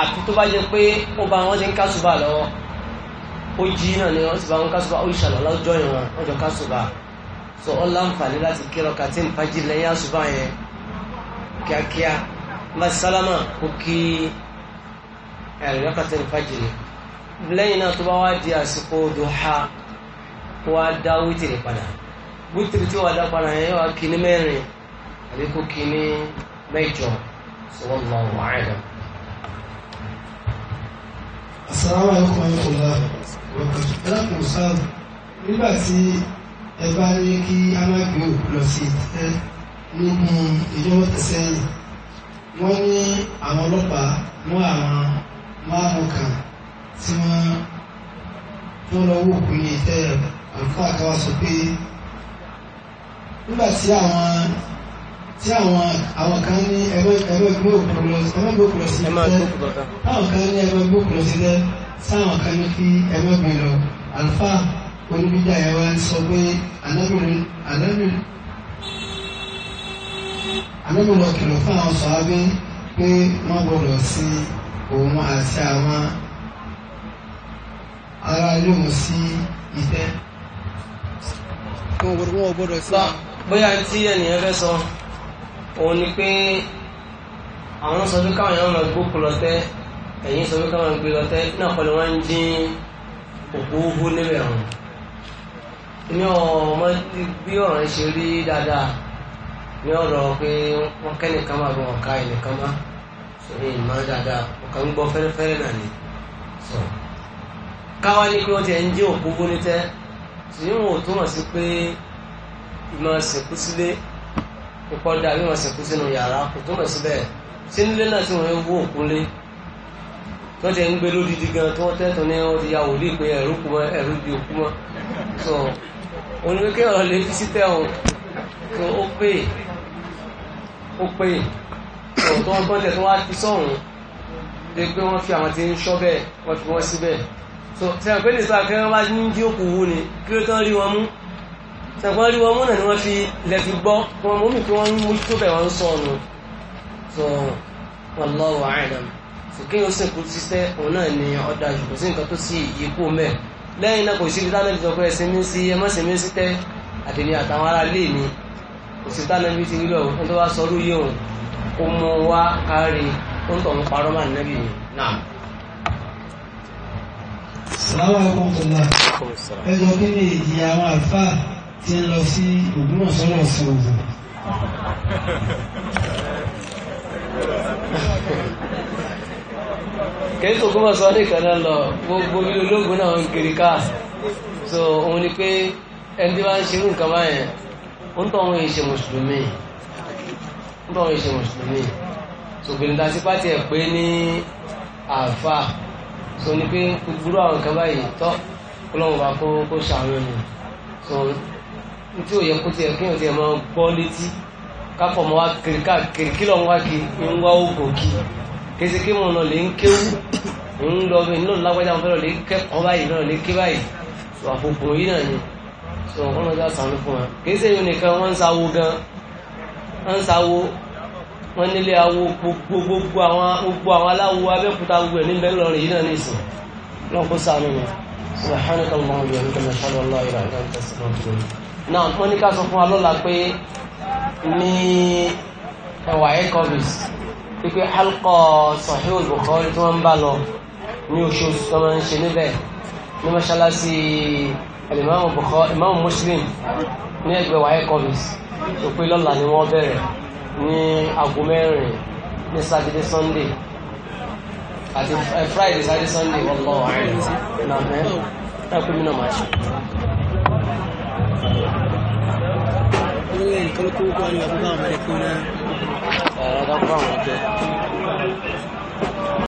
àti tó bá jẹ pé ó bá wọn ti ń kásùbà lọ́wọ́ ó jí náà ni wọ́n sì bá wọn kásùbà ó ṣàlọ́ lọ́jọ́ ìwọ̀n wọ́n jọ kásùbà so ó láǹfààní láti kí ọ̀kadà fájìrì lẹ́yìn àṣùbà yẹn kíákíá má sálámà kó kí ẹ̀rọ ọ̀kadà fájìrì lẹ́yìn náà tó bá wá di àsìkò dùhà wá dá wítìrì padà wítìrì tí wàá dá padà yẹn wàá kí ní mẹ́rin àbí kó kí ní mẹ́jọ sọ́wọ́n lọ́wọ́ wàhálà. Assalamu alaikum warahmatullahi wabarakatuh. ẹlẹ́kùn sáà nígbà tí ẹ bá ní kí a máa gbé òkú lọ sí ìtẹ́ nígun ìjọba tẹ̀sẹ̀yìn wọ́n ní àwọn ọlọ́pàá mú àwọn márùn kan tí wọ́n tó lọ wò kú ní ìtẹ́ àlùfáà kan wá sọ pé nígbà tí àwọn tí àwọn àwọn kan ní ẹgbẹ́ ẹgbẹ́ gbé òkú lọ ẹgbẹ́ gbé òkú lọ sí ilé táwọn kan ní ẹgbẹ́ gbé òkú lọ sí ilé táwọn kan ní kí ẹgbẹ́ gbé lọ àlùfáà oníbíjà yẹn wá ń sọ pé anábìrin anábìrin anábìrin lọ kìlọ̀ fún àwọn sọ̀rọ̀ pé wọ́n gbọ́dọ̀ sí òun àti àwọn ara ilé wọn sí ìtẹ́. wọn gbọ́dọ̀ wọn gbọ́dọ̀ sí. bóyá tí ènìyàn fẹ́ sọ òun ni pé àwọn sọ pé káwọn èèyàn máa gbókun lọ́tẹ́ ẹ̀yìn sọ pé káwọn gbé lọ́tẹ́ náà kọ́ni wọ́n ń dín òkú hú níbẹ̀ hàn ní ọmọ bí ọ̀rọ̀ ṣe rí dáadáa ní ọ̀rọ̀ pé wọ́n kẹ́nìkan máa bọ̀ ọ̀ka ẹnìkan má sọ ní ìmọ̀ dáadáa ọ̀kan ń gbọ́ fẹ́rẹ́fẹ́rẹ́ náà ni káwá ní pé wọ́n ti ẹ̀ ń jẹ́ òkú gbónítẹ́ ìyíwọ̀n túmọ̀ sí pé ìmọ̀ sìnkú sílé ìkọ́dá bí wọ́n sìnkú sínú yàrá kò túmọ̀ sí bẹ́ẹ̀ sí nílé náà tí wọ́n ń wú òkú lé tí wọ́n ti ń gbé lódìdí gan tí wọ́n tẹ́tọ̀ ní wọ́n ti ya wòlíì pé ẹ̀rú kú mọ́ ẹ̀rú di òkú mọ́ so oníwèké ọ̀rọ̀ lè fi síta ọ̀hún tó ó pè ó pè ọ̀tọ̀ ọgbọ́n tẹ̀ tó wá fi sọ̀hún ti ń so sẹ́wọ̀n pé nìsọ́ akẹ́wọ́n bá ní jí òkú wú ni kí ló tán rí wọn mú sẹ́wọ́n rí wọn mú náà ni wọ́n fi lẹ̀ fi gbọ́ wọn mú mi kí wọ́n mú tó bẹ̀ wọ́n sọ ọ̀nà so wallahu a'lam so kí o sìnkú sísẹ́ òun náà ni ọ̀dà jù kò sí nǹkan tó sí ìyíkó mẹ́ lẹ́yìn náà kò sí ibi táwọn ẹbí sọ pé ẹsìn mi sí ẹ mọ́sìn mi sí tẹ́ àtẹ̀mí àtàwọn ará ilé mi kò sí táwọn ẹbí ti rí lọ ẹni tó bá sọ ọdún yìí òun ó mú wa kárí ó ń tọ̀ sàlámà ẹkùn tó náà ẹjọ́ kí ni ìdí àwọn àlùfáà tí ń lọ sí Ògbómọ̀ṣọ́ lọ sí ògùn. kẹ́yìn tó Ògbómọ̀ṣọ́ nìkan náà lọ gbogbo ilé ológun náà ń kiri ká so òun ni pé ẹni tí wọ́n ń ṣerú nǹkan báyẹn ó ń tọ́ àwọn ìṣe mùsùlùmí ń tọ́ àwọn ìṣe mùsùlùmí so gbèlè dàsí pàtì ẹ̀ pé ní àlùfáà. so ni pé gbogbo àwọn nǹkan báyìí tọ́ ọlọ́run bá kó kó ni so n tí ò yẹ kó tiẹ̀ kí n ò tiẹ̀ máa gbọ́ létí káfọ̀ mọ́ wá kiri káàkiri kí lọ́n wá kiri ń wá ògò kí kése kí mo nà lè ń kéwú lọ bí lágbájá mo fẹ́ lọ lè kẹ́kọ̀ọ́ báyìí lè ké báyìí so àfòkò yìí náà ni so ọlọ́run já fún wa kése yìí nìkan wọ́n ń wọ́n nílé awo gbogbo àwọn gbogbo àwọn aláwo abẹ́kúta gbogbo ẹ̀ níbẹ̀ lọ́rùn yìí náà ní ìsìn lọ́n kó sànù mi subhanaka allahumma wa bihamdika ashhadu an la ilaha illa anta astaghfiruka náà wọ́n ní ká sọ fún wa lọ́la pé ní ẹwà ecobis pípé halqa ní aago mẹ́rin ní sátidé sunday àti eh, friday sátidé sunday wọ́n lọ́wọ́ àárín náà mẹ́ ẹ pé máa ṣe. Ilé ìkọlùkù wọ́n ní ọdún bá ọmọdé kú náà. Ẹ̀rọ dákúrò àwọn